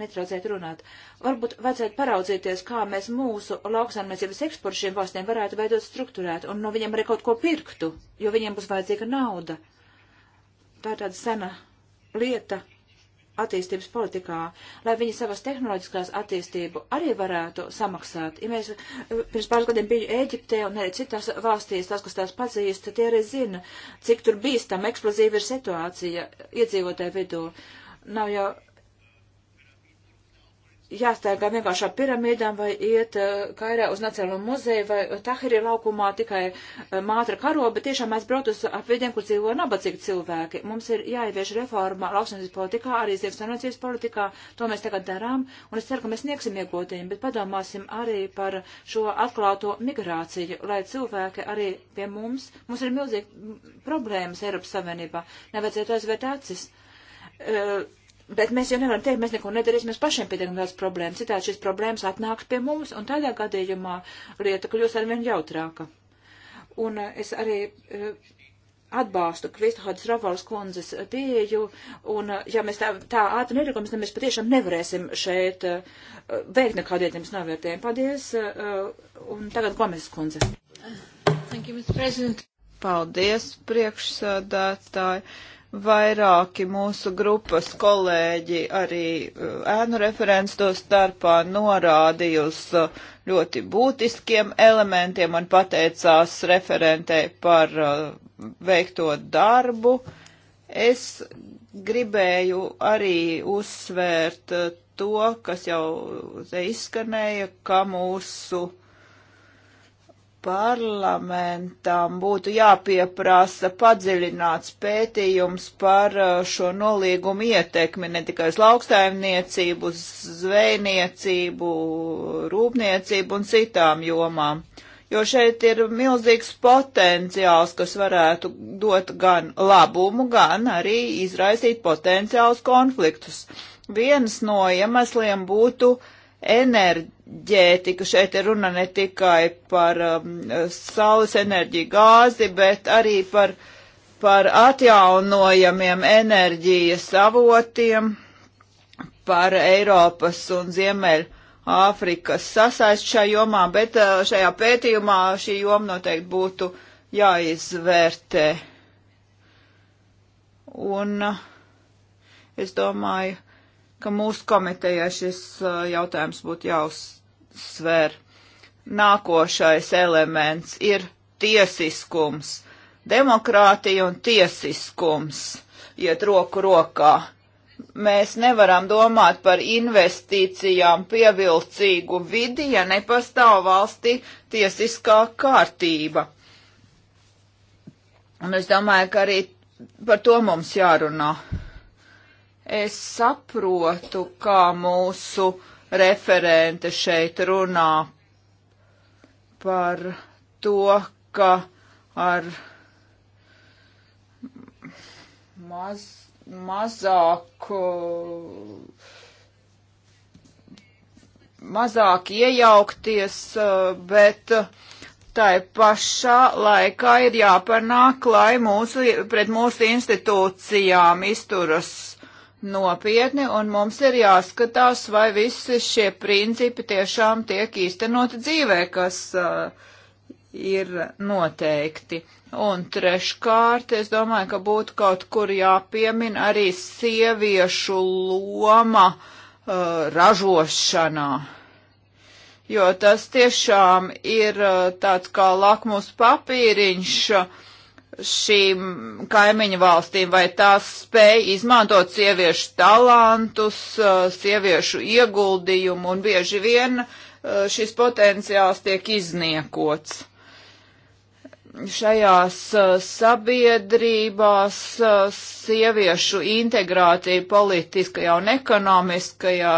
netraucēt runāt. Varbūt vajadzētu paraudzīties, kā mēs mūsu lauksaimniecības eksportu šiem valstīm varētu veidot struktūrēt un no viņiem arī kaut ko pirktu, jo viņiem būs vajadzīga nauda. Tā ir tāda sena lieta attīstības politikā, lai viņi savas tehnoloģiskās attīstību arī varētu samaksāt. Ja mēs eh, pirms pāris gadiem biju Ēģiptē un arī citās valstīs, tās, kas tās pazīst, tie arī zina, cik tur bīstam eksplozīva ir situācija iedzīvotāju vidū. Nav jau jāstaigā vienkārši ar piramīdām vai iet eh, kairē uz Nacionālo muzeju vai Tahirī laukumā tikai eh, mātra karo, bet tiešām mēs braukt uz apvidiem, kur dzīvo nabadzīgi cilvēki. Mums ir jāievieš reforma lauksnes politikā, arī ziemstanācijas politikā, to mēs tagad darām, un es ceru, ka mēs sniegsim iegotījumu, bet padomāsim arī par šo atklāto migrāciju, lai cilvēki arī pie mums, mums ir milzīgi problēmas Eiropas Savienībā, nevajadzētu aizvērt acis. Uh, Bet mēs jau nevaram teikt, mēs neko nedarīsim, mēs pašiem pietiekam daudz problēmu. Citādi šīs problēmas atnāks pie mums, un tādā gadījumā lieta kļūs arvien jautrāka. Un eh, es arī eh, atbalstu Kristohodas Ravalas kundzes eh, pieeju, un ja mēs tā, tā ātri nerīkojamies, tad mēs patiešām nevarēsim šeit uh, veikt nekādu ietekmes novērtējumu. Paldies, uh, un tagad Gomes kundze. Thank you, Mr. President. Paldies, priekšsādātāji. Uh, Vairāki mūsu grupas kolēģi arī eh, ēnu referents to starpā norādīja uz eh, ļoti būtiskiem elementiem un pateicās referentē par eh, veikto darbu. Es gribēju arī uzsvērt to, kas jau te izskanēja, ka mūsu uh, parlamentam būtu jāpieprasa padziļināts pētījums par uh, šo nolīgumu ietekmi ne tikai uz lauksaimniecību, uz zvejniecību, rūpniecību un citām jomām. Jo šeit ir milzīgs potenciāls, kas varētu dot gan labumu, gan arī izraisīt potenciālus konfliktus. Viens no iemesliem būtu uh, enerģētiku. Šeit ir runa ne tikai par um, saules enerģiju, gāzi, bet arī par, par atjaunojamiem enerģijas avotiem, par Eiropas un Ziemeļu Āfrikas sasaist šajā jomā, bet uh, šajā pētījumā šī joma noteikti būtu jāizvērtē. Un uh, es domāju, ka mūsu komitejai šis uh, jautājums būtu jāuzsver. Nākošais elements ir tiesiskums. Demokrātija un tiesiskums iet roku rokā. Mēs nevaram domāt par investīcijām pievilcīgu vidi, ja nepastāv valstī tiesiskā kārtība. Un es domāju, ka arī par to mums jārunā. Es saprotu, kā mūsu referente šeit runā par to, ka ar maz, mazāku mazāk iejaukties, bet tai pašā laikā ir jāpanāk, lai mūsu, pret mūsu institūcijām izturas nopietni, un mums ir jāskatās, vai visi šie principi tiešām tiek īstenoti dzīvē, kas uh, ir noteikti. Un treškārt, es domāju, ka būtu kaut kur jāpiemin arī sieviešu loma uh, ražošanā. Jo tas tiešām ir uh, tāds kā lakmus papīriņš. Uh, šīm kaimiņu valstīm, vai tās spēj izmantot sieviešu talantus, uh, sieviešu ieguldījumu, un bieži vien uh, šis potenciāls tiek izniekots. Šajās uh, sabiedrībās sieviešu integrācija politiskajā un ekonomiskajā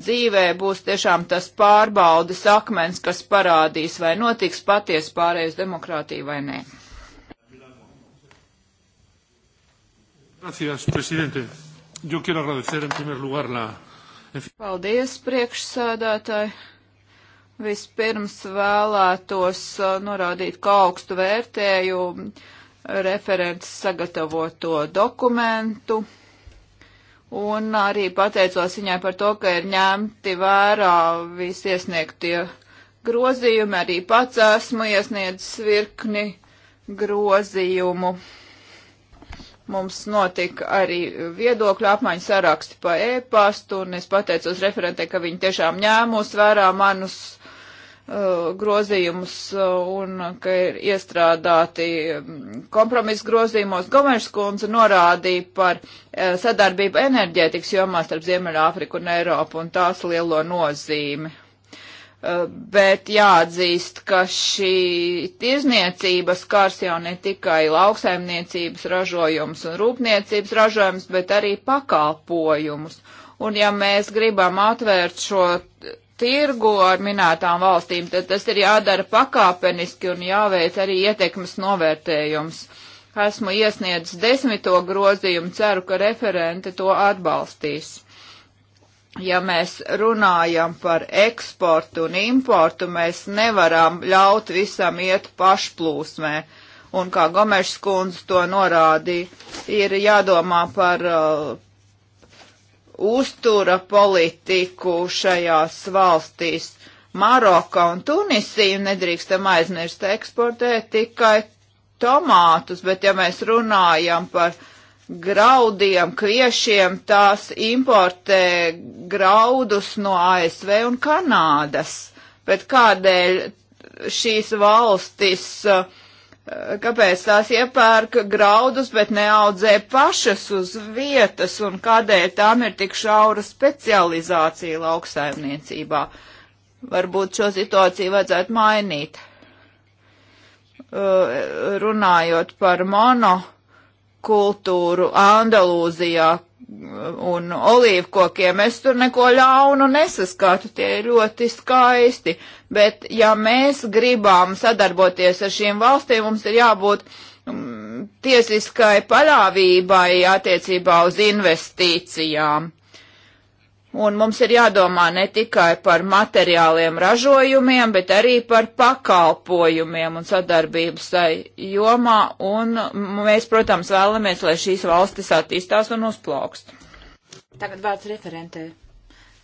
dzīvē būs tiešām tas pārbaudas akmens, kas parādīs, vai notiks paties pārējais demokrātija vai nē. Gracias, presidente. Yo quiero agradecer en primer lugar la. Paldies, priekšsēdētāji. Vispirms vēlētos uh, norādīt, kā augstu vērtēju referents sagatavoto dokumentu. Un arī pateicos viņai par to, ka ir ņemti vērā visi iesniegtie grozījumi. Arī pats esmu iesniedzis virkni grozījumu. Mums notika arī viedokļu apmaiņas saraksti pa e-pastu, un es pateicos referentē, ka viņi tiešām ņēmos vērā manus uh, grozījumus uh, un ka ir iestrādāti um, kompromisu grozījumos. Gomeša skundze norādīja par uh, sadarbību enerģētikas jomā starp Ziemeļāfriku un Eiropu un tās lielo nozīmi. Eh, bet jāatzīst, ka šī tirzniecība skars jau ne tikai lauksaimniecības ražojums un rūpniecības ražojums, bet arī pakalpojumus. Un ja mēs gribam atvērt šo tirgu ar minētām valstīm, tad tas ir jādara pakāpeniski un jāveic arī ietekmes novērtējums. Esmu iesniedzis desmito grozījumu, ceru, ka referente to atbalstīs ja mēs runājam par eksportu un importu, mēs nevaram ļaut visam iet pašplūsmē. Un kā Gomešs kundze to norādīja, ir jādomā par uh, uztura politiku šajās valstīs. Maroka un Tunisiju nedrīkstam aizmirst eksportēt tikai tomātus, bet ja mēs runājam par uh, graudiem, kviešiem, tās importē graudus no ASV un Kanādas. Bet kādēļ šīs valstis, eh, kāpēc tās iepērk graudus, bet neaudzē pašas uz vietas un kādēļ tām ir tik šaura specializācija lauksaimniecībā? Varbūt šo situāciju vajadzētu mainīt. Eh, runājot par mono kultūru Andalūzijā un olīvkokiem. Es tur neko ļaunu nesaskatu, tie ir ļoti skaisti. Bet ja mēs gribam sadarboties ar šīm valstīm, mums ir jābūt mm, tiesiskai paļāvībai attiecībā uz investīcijām. Un mums ir jādomā ne tikai par materiāliem ražojumiem, bet arī par pakalpojumiem un sadarbības tai jomā. Un mēs, protams, vēlamies, lai šīs valstis attīstās un uzplaukst. Tagad vārds referentē.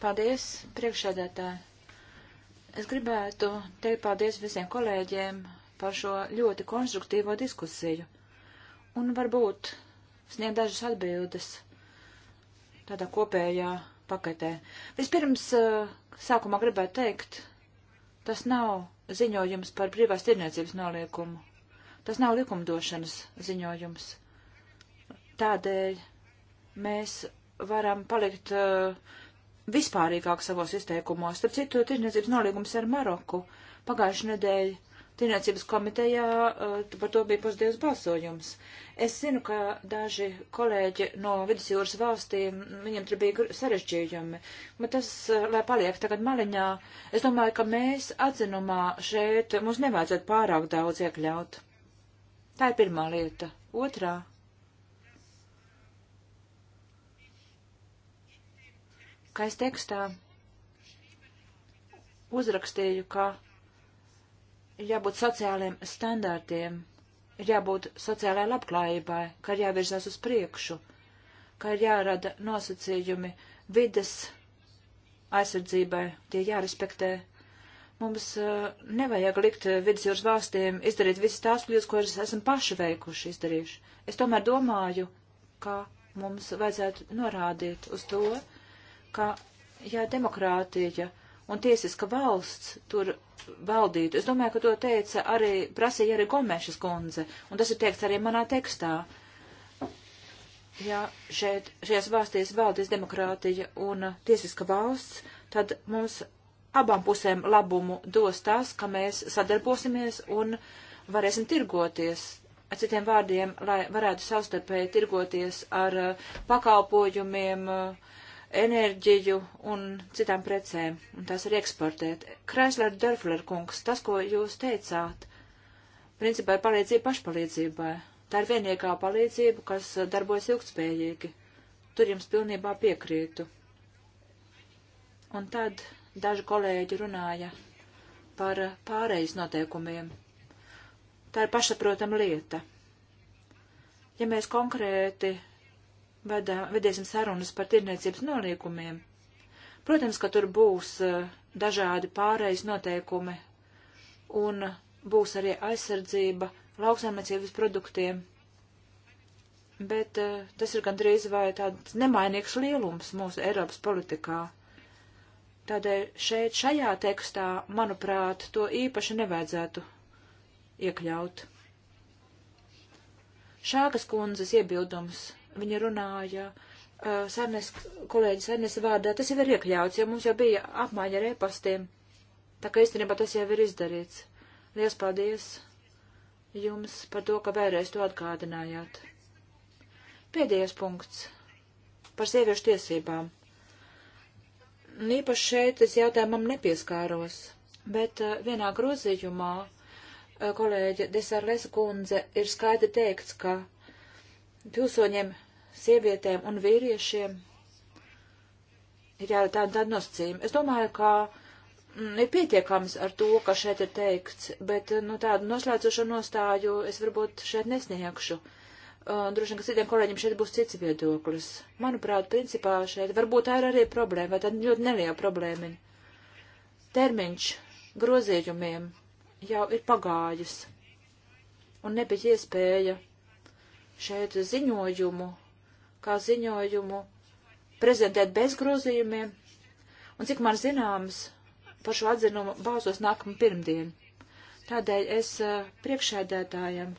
Paldies, priekšsēdētāji. Es gribētu teikt paldies visiem kolēģiem par šo ļoti konstruktīvo diskusiju. Un varbūt sniegt dažas atbildes tādā kopējā paketē. Vispirms, eh, sākumā gribētu teikt, tas nav ziņojums par brīvās tirniecības noliekumu. Tas nav likumdošanas ziņojums. Tādēļ mēs varam palikt uh, vispārīgāk savos izteikumos. Starp citu, tirniecības nolīgums ar Maroku pagājušajā nedēļā Tirniecības komitejā uh, par to bija pozitīvs balsojums. Es zinu, ka daži kolēģi no vidusjūras valstīm, viņiem tur bija sarežģījumi, bet tas, uh, lai paliek tagad maliņā, es domāju, ka mēs atzinumā šeit mums nevajadzētu pārāk daudz iekļaut. Tā ir pirmā lieta. Otrā. Kā es tekstā uzrakstīju, ka ir jābūt sociāliem standārtiem, ir jābūt sociālajai labklājībai, ka ir jāvirzās uz priekšu, ka ir jārada nosacījumi vides aizsardzībai, tie jārespektē. Mums uh, nevajag likt eh, vidusjūras valstīm izdarīt visas tās kļūdas, ko esam paši veikuši, izdarījuši. Es tomēr domāju, ka mums vajadzētu norādīt uz to, ka, ja demokrātija uh, un tiesiska valsts tur valdītu. Es domāju, ka to teica arī, prasīja arī Gomešas kundze, un tas ir teikts arī manā tekstā. Ja šeit, šajās valstīs valdīs demokrātija un tiesiska valsts, tad mums abām pusēm labumu dos tas, ka mēs sadarbosimies un varēsim tirgoties. Ar citiem vārdiem, lai varētu savstarpēji tirgoties ar uh, pakalpojumiem, uh, enerģiju un citām precēm, un tās ir eksportēt. Kreisler Dörfler kungs, tas, ko jūs teicāt, principā ir palīdzība pašpalīdzībai. Tā ir vienīgā palīdzība, kas darbojas ilgtspējīgi. Tur jums pilnībā piekrītu. Un tad daži kolēģi runāja par pārejas noteikumiem. Tā ir pašsaprotama lieta. Ja mēs konkrēti vedā, vedēsim sarunas par tirniecības noliekumiem. Protams, ka tur būs eh, dažādi pārējais noteikumi un būs arī aizsardzība lauksaimniecības produktiem. Bet eh, tas ir gandrīz vai tāds nemainīgs lielums mūsu Eiropas politikā. Tādēļ šeit šajā tekstā, manuprāt, to īpaši nevajadzētu iekļaut. Šākas kundzes iebildums viņa runāja uh, sarnes, kolēģi sarnes vārdā, tas jau ir iekļauts, jo mums jau bija apmaiņa ar e-pastiem. Tā kā īstenībā tas jau ir izdarīts. Lielas paldies jums par to, ka vēlreiz to atgādinājāt. Pēdējais punkts par sieviešu tiesībām. Un nu, īpaši šeit es jautājumam nepieskāros, bet uh, vienā grozījumā uh, kolēģe Desarlesa kundze ir skaidri teikts, ka pilsoņiem sievietēm un vīriešiem ir jādara tāda, tāda nosacījuma. Es domāju, ka mm, ir pietiekams ar to, ka šeit ir teikts, bet nu, tādu noslēdzošu nostāju es varbūt šeit nesniegšu. Uh, droši vien, ka citiem kolēģiem šeit būs cits viedoklis. Manuprāt, principā šeit varbūt tā ir arī problēma, vai tāda ļoti neliela problēma. Termiņš grozījumiem jau ir pagājis, un nebija iespēja šeit ziņojumu kā ziņojumu prezentēt bez grozījumiem, un cik man zināms, par šo atzinumu bāzos nākamā pirmdien. Tādēļ es priekšēdētājiem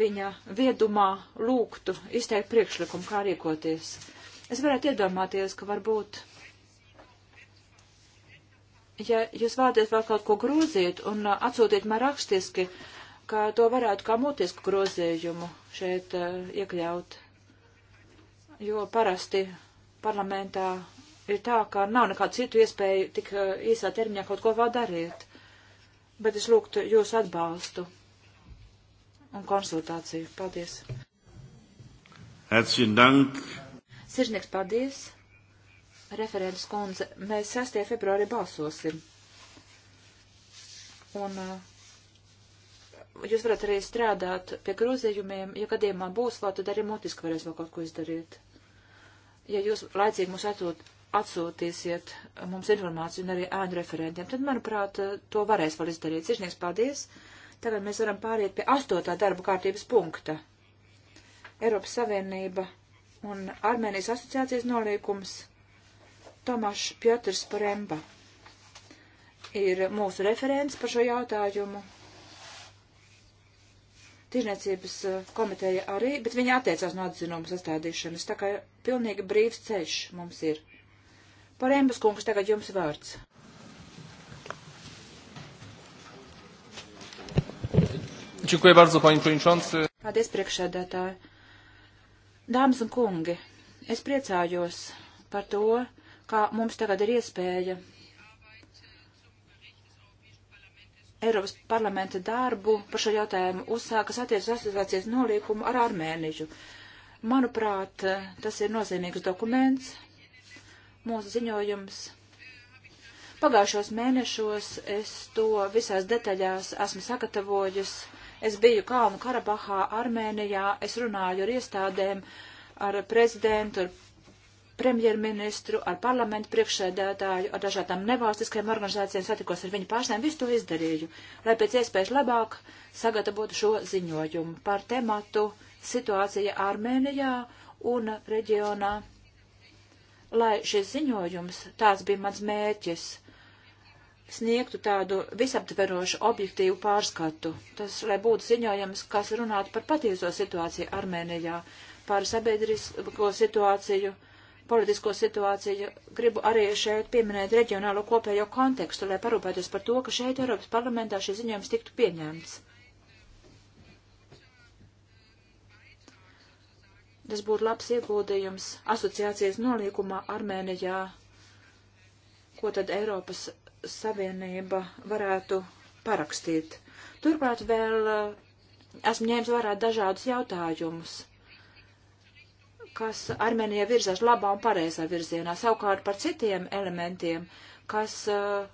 viņa viedumā lūgtu izteikt priekšlikumu, kā rīkoties. Es varētu iedomāties, ka varbūt, ja jūs vēlaties vēl kaut ko grozīt un atsūtīt man rakstiski, ka to varētu kā mutisku grozējumu šeit iekļaut jo parasti parlamentā ir tā, ka nav nekādu citu iespēju tik eh, īsā termiņā kaut ko vēl darīt. Bet es lūgtu jūsu atbalstu un konsultāciju. Paldies! Herzlichen Dank! Sirsnieks, paldies! Referents kundze, mēs 6. februārī balsosim. Un eh, jūs varat arī strādāt pie grozījumiem, ja gadījumā būs vēl, tad arī mutiski varēs vēl kaut ko izdarīt ja jūs laicīgi mums atsūt, atsūtīsiet mums informāciju un arī ēnu referentiem, tad, manuprāt, to varēs vēl izdarīt. Sirsnieks, paldies! Tagad mēs varam pāriet pie astotā darba kārtības punkta. Eiropas Savienība un Armēnijas asociācijas nolīkums Tomašs Piotrs Paremba ir mūsu referents par šo jautājumu. Tirniecības eh, komiteja arī, bet viņi atteicās no atzinumu sastādīšanas, tā kā pilnīgi brīvs ceļš mums ir. Par Embas kungs tagad jums vārds. Čikuja bardzo, paņi Čuņčonsi. Paldies, priekšsēdētāji. Dāmas un kungi, es priecājos par to, kā mums tagad ir iespēja Eiropas parlamenta darbu par šo jautājumu uzsākas attiecas asociācijas nolīkumu ar Armēniju. Manuprāt, tas ir nozīmīgs dokuments, mūsu ziņojums. Pagājušos mēnešos es to visās detaļās esmu sagatavojis. Es biju Kalnu Karabahā, Armēnijā, es runāju ar iestādēm, ar prezidentu, ar premjerministru, ar parlamentu priekšsēdētāju, ar dažādām nevalstiskajām organizācijām, satikos ar viņu pārstāvjiem, visu to izdarīju, lai pēc iespējas labāk sagatavotu šo ziņojumu par tematu situācija Armēnijā un reģionā. Lai šis ziņojums, tāds bija mans mērķis, sniegtu tādu visaptverošu objektīvu pārskatu. Tas, lai būtu ziņojums, kas runātu par patieso situāciju Armēnijā, par sabiedrisko situāciju, politisko situāciju, gribu arī šeit pieminēt reģionālo kopējo kontekstu, lai parūpētos par to, ka šeit Eiropas parlamentā šis ziņojums tiktu pieņemts. Tas būtu labs ieguldījums asociācijas nolīgumā Armēnijā, ko tad Eiropas Savienība varētu parakstīt. Turklāt vēl eh, esmu ņēmis vērā dažādus jautājumus kas Armēnijā virzās labā un pareizā virzienā, savukārt par citiem elementiem, kas uh,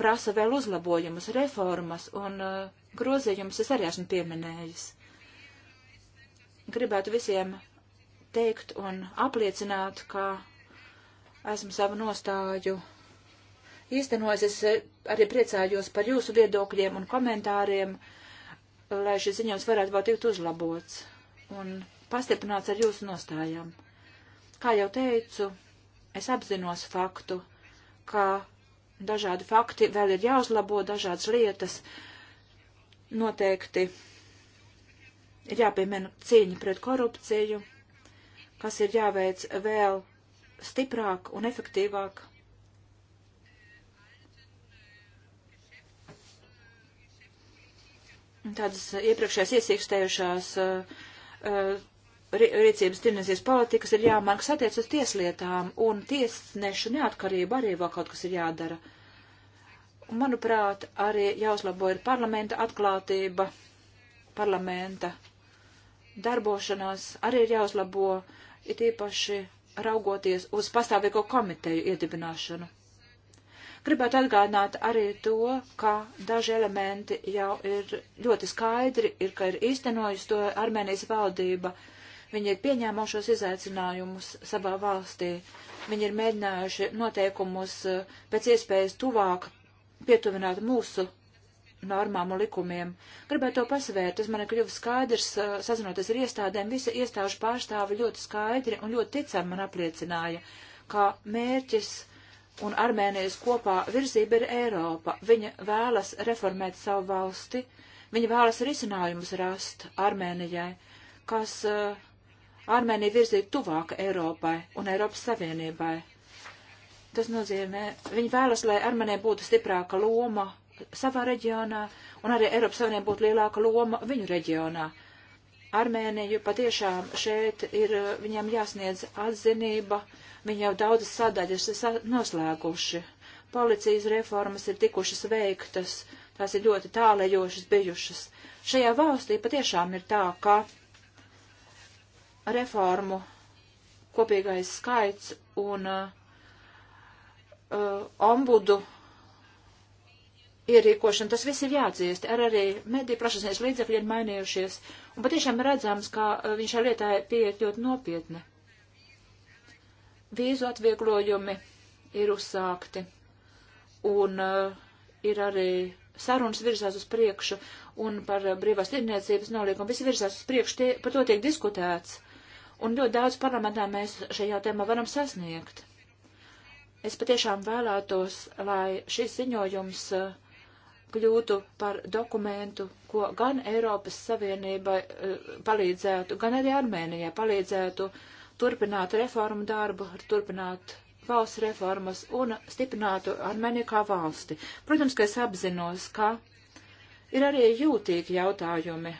prasa vēl uzlabojumus, reformas un uh, grozījumus, es arī esmu pieminējis. Gribētu visiem teikt un apliecināt, ka esmu savu nostāju īstenojis. Es eh, arī priecājos par jūsu viedokļiem un komentāriem, lai šis ziņojums varētu vēl tikt uzlabots. Un pastiprināts ar jūsu nostājām. Kā jau teicu, es apzinos faktu, ka dažādi fakti vēl ir jāuzlabo, dažādas lietas noteikti ir jāpiemēna cīņa pret korupciju, kas ir jāveic vēl stiprāk un efektīvāk. Tādas iepriekšējās iesīkstējušās uh, uh, rīcības tirnesies politikas ir jāmarks attiec uz tieslietām, un tiesnešu neatkarība arī vēl kaut kas ir jādara. Un, manuprāt, arī jāuzlabo ir parlamenta atklātība, parlamenta darbošanās, arī ir jāuzlabo, it īpaši raugoties uz pastāvīgo komiteju iedibināšanu. Gribētu atgādināt arī to, ka daži elementi jau ir ļoti skaidri, ir, ka ir īstenojusi to Armēnijas valdība. Uh, Viņi ir pieņēmušos izaicinājumus savā valstī. Viņi ir mēģinājuši noteikumus eh, pēc iespējas tuvāk pietuvināt mūsu normām un likumiem. Gribētu to pasvērt, tas man ir kļuvis skaidrs, eh, sazinoties ar iestādēm, visi iestāžu pārstāvi ļoti skaidri un ļoti ticami man apliecināja, ka mērķis un Armēnijas kopā virzība ir Eiropa. Viņa vēlas reformēt savu valsti, viņa vēlas risinājumus rast Armēnijai, kas uh, Armēniju virzīt tuvāk Eiropai un Eiropas Savienībai. Tas nozīmē, viņi vēlas, lai Armēnijai būtu stiprāka loma savā reģionā un arī Eiropas Savienībai būtu lielāka loma viņu reģionā. Armēniju patiešām šeit ir viņiem jāsniedz atzinība, viņi jau daudzas sadaļas ir noslēguši. Policijas reformas ir tikušas veiktas, tās ir ļoti tālējošas bijušas. Šajā valstī patiešām ir tā, ka reformu kopīgais skaits un uh, uh, ombudu ierīkošana, tas viss ir jāatzīst. Ar arī mediju plašasnieks līdzekļi ir mainījušies. Un patiešām redzams, ka uh, viņš šai lietai pieiet ļoti nopietni. Vīzu atvieglojumi ir uzsākti. Un uh, ir arī sarunas virzās uz priekšu. Un par brīvās tirniecības nolīgumu viss virzās uz priekšu. Tie, par to tiek diskutēts un ļoti daudz parlamentā mēs šajā tēmā varam sasniegt. Es patiešām vēlētos, lai šis ziņojums uh, kļūtu par dokumentu, ko gan Eiropas Savienībai uh, palīdzētu, gan arī Armēnijai palīdzētu turpināt reformu darbu, turpināt valsts reformas un stiprinātu Armēniju kā valsti. Protams, ka es apzinos, ka ir arī jūtīgi jautājumi,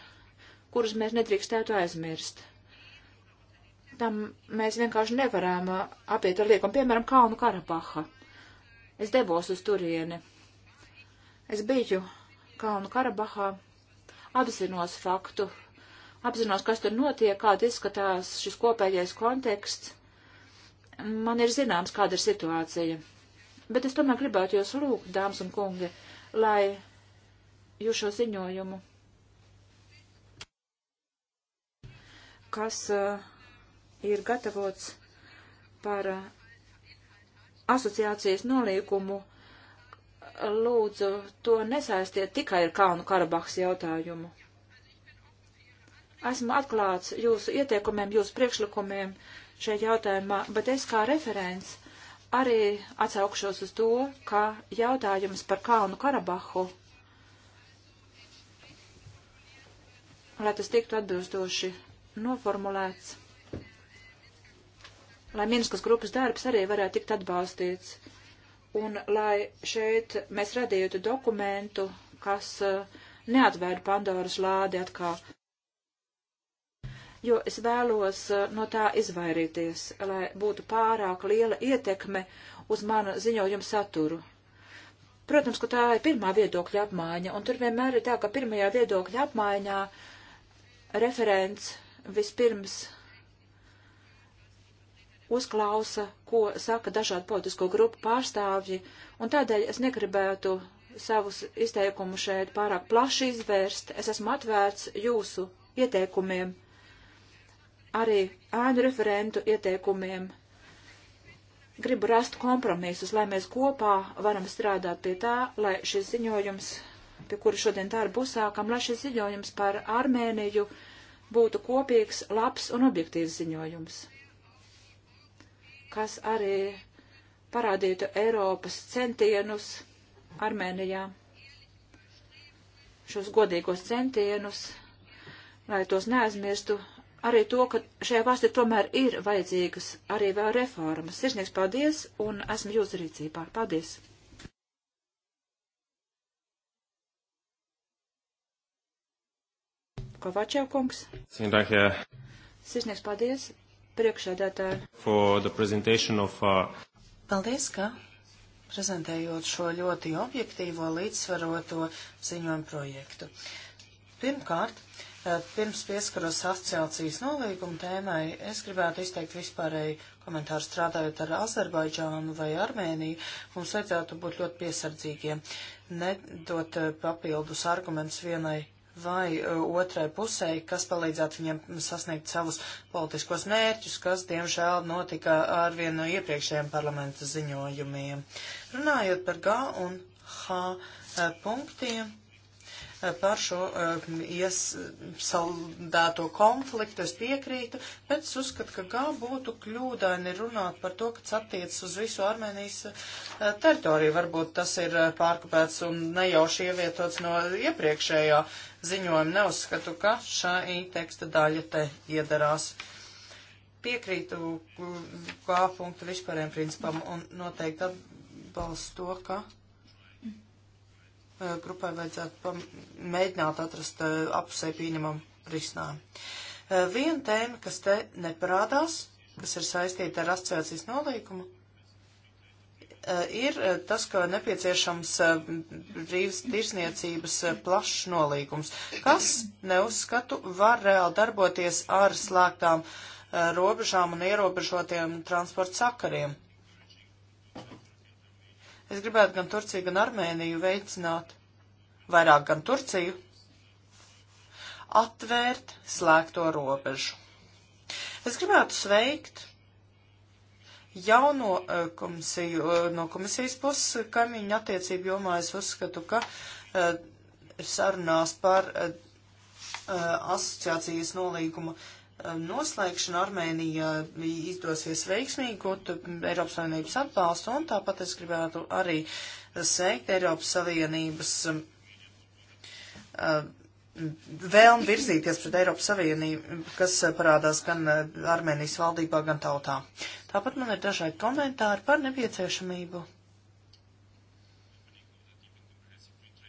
kurus mēs nedrīkstētu aizmirst. Tam mēs vienkārši nevaram apiet ar liekumu, piemēram, Kalnu Karabaha. Es devos uz turieni. Es biju Kalnu Karabahā, apzinos faktu, apzinos, kas tur notiek, kāda izskatās šis kopējais konteksts. Man ir zināms, kāda ir situācija. Bet es tomēr gribētu jūs lūgt, dāmas un kungi, lai jūs šo ziņojumu, kas uh, ir gatavots par asociācijas nolīgumu. Lūdzu, to nesaistiet tikai ar Kalnu Karabahas jautājumu. Esmu atklāts jūsu ieteikumiem, jūsu priekšlikumiem šajā jautājumā, bet es kā referents arī atsaukšos uz to, ka jautājums par Kalnu Karabahu, lai tas tiktu atbilstoši noformulēts lai Minskas grupas darbs arī varētu tikt atbalstīts. Un lai šeit mēs radītu dokumentu, kas uh, neatvēr Pandoras lādi atkal. Jo es vēlos uh, no tā izvairīties, lai būtu pārāk liela ietekme uz mana ziņojuma saturu. Protams, ka tā ir pirmā viedokļa apmaiņa, un tur vienmēr ir tā, ka pirmajā viedokļa apmaiņā referents vispirms uzklausa, ko saka dažādu politisko grupu pārstāvji, un tādēļ es negribētu savus izteikumus šeit pārāk plaši izvērst. Es esmu atvērts jūsu ieteikumiem, arī ēnu referentu ieteikumiem. Gribu rast kompromisus, lai mēs kopā varam strādāt pie tā, lai šis ziņojums, pie kura šodien darbu uzsākam, lai šis ziņojums par Armēniju būtu kopīgs, labs un objektīvs ziņojums kas arī parādītu Eiropas centienus Armēnijā, šos godīgos centienus, lai tos neaizmirstu, arī to, ka šajā valstī tomēr ir vajadzīgas arī vēl reformas. Sirsnieks, paldies, un esmu jūsu rīcībā. Paldies! Kovačev kungs. Sirsnieks, paldies! priekšēdētāji. Of, uh... Paldies, ka prezentējot šo ļoti objektīvo līdzsvaroto ziņojumu projektu. Pirmkārt, eh, pirms pieskaros asociācijas nolīguma tēmai, es gribētu izteikt vispārēju komentāru strādājot ar Azerbaidžānu vai Armēniju. Mums vajadzētu būt ļoti piesardzīgiem, nedot eh, papildus argumentus vienai vai e, otrai pusē, kas palīdzētu viņiem sasniegt savus politiskos mērķus, kas, diemžēl, notika ar vienu no iepriekšējiem parlamenta ziņojumiem. Runājot par G un H e, punktiem e, par šo iesaldēto konfliktu es piekrītu, bet es uzskatu, ka gā būtu kļūdaini runāt par to, kas attiecas uz visu Armēnijas teritoriju. Varbūt tas ir pārkopēts un nejauši ievietots no iepriekšējā ziņojumu neuzskatu, ka šī teksta daļa te iedarās. Piekrītu mm, kā punktu vispārējiem principam un noteikti atbalstu to, ka eh, grupai vajadzētu mēģināt atrast eh, apusē pieņemam risinājumu. Eh, viena tēma, kas te neparādās, kas ir saistīta ar asociācijas nolīkumu, Eh, ir eh, tas, ka nepieciešams brīvs eh, tirsniecības plašs nolīgums, kas, neuzskatu, var reāli darboties ar slēgtām robežām un ierobežotiem transporta sakariem. Es gribētu gan Turciju, gan Armēniju veicināt, vairāk gan Turciju, atvērt slēgto robežu. Es gribētu sveikt jauno eh, komisiju, eh, no komisijas puses kaimiņu attiecību jomā es uzskatu, ka eh, sarunās par asociācijas nolīguma noslēgšana Armēnija izdosies veiksmīgi, gūt mm, Eiropas Savienības atbalstu, un tāpat es gribētu arī sveikt Eiropas Savienības uh, vēlmi virzīties pret Eiropas Savienību, kas eh, parādās gan eh, Armēnijas valdībā, gan tautā. Tāpat man ir dažādi komentāri par nepieciešamību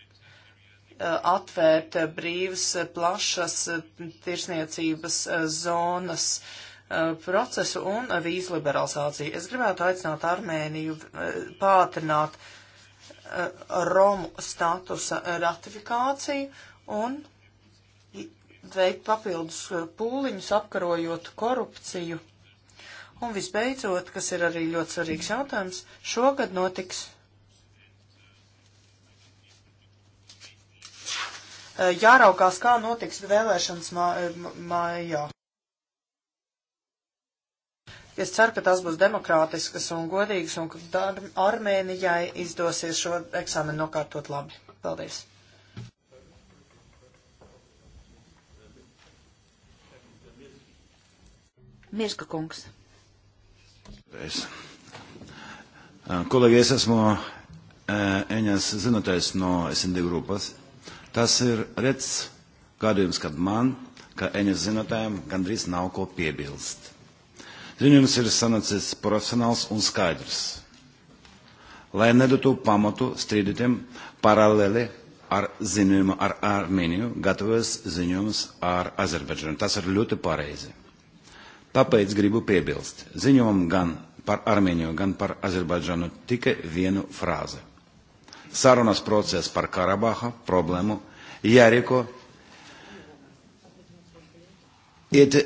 eh, atvērt brīvas, plašas tirsniecības zonas procesu un vīzu liberalizāciju. Es gribētu aicināt Armēniju pātrināt Romu statusa ratifikāciju un veikt papildus eh, pūliņus, apkarojot korupciju. Un visbeidzot, kas ir arī ļoti svarīgs jautājums, šogad notiks eh, jāraukās, kā notiks vēlēšanas mā, eh, mājā. Es ceru, ka tās būs demokrātiskas un godīgas un ka Armēnijai izdosies šo eksāmenu nokārtot labi. Paldies! Mirska kungs. Es. Eh, kolēģi, es esmu eh, Eņas zinotais no SND grupas. Tas ir rets gadījums, kad man, kā Eņas zinotājiem, gandrīz nav ko piebilst. Ziņojums ir sanācis profesionāls un skaidrs, lai nedotu pamatu strīdītiem paralēli ar ziņojumu ar Armēniju, gatavojas ziņojums ar Azerbaidžanu. Tas ir ļoti pareizi. Tāpēc gribu piebilst, ziņojumu gan par Armēniju, gan par Azerbaidžanu tikai vienu frāzi. Sarunas process par Karabaha problēmu jārīko iet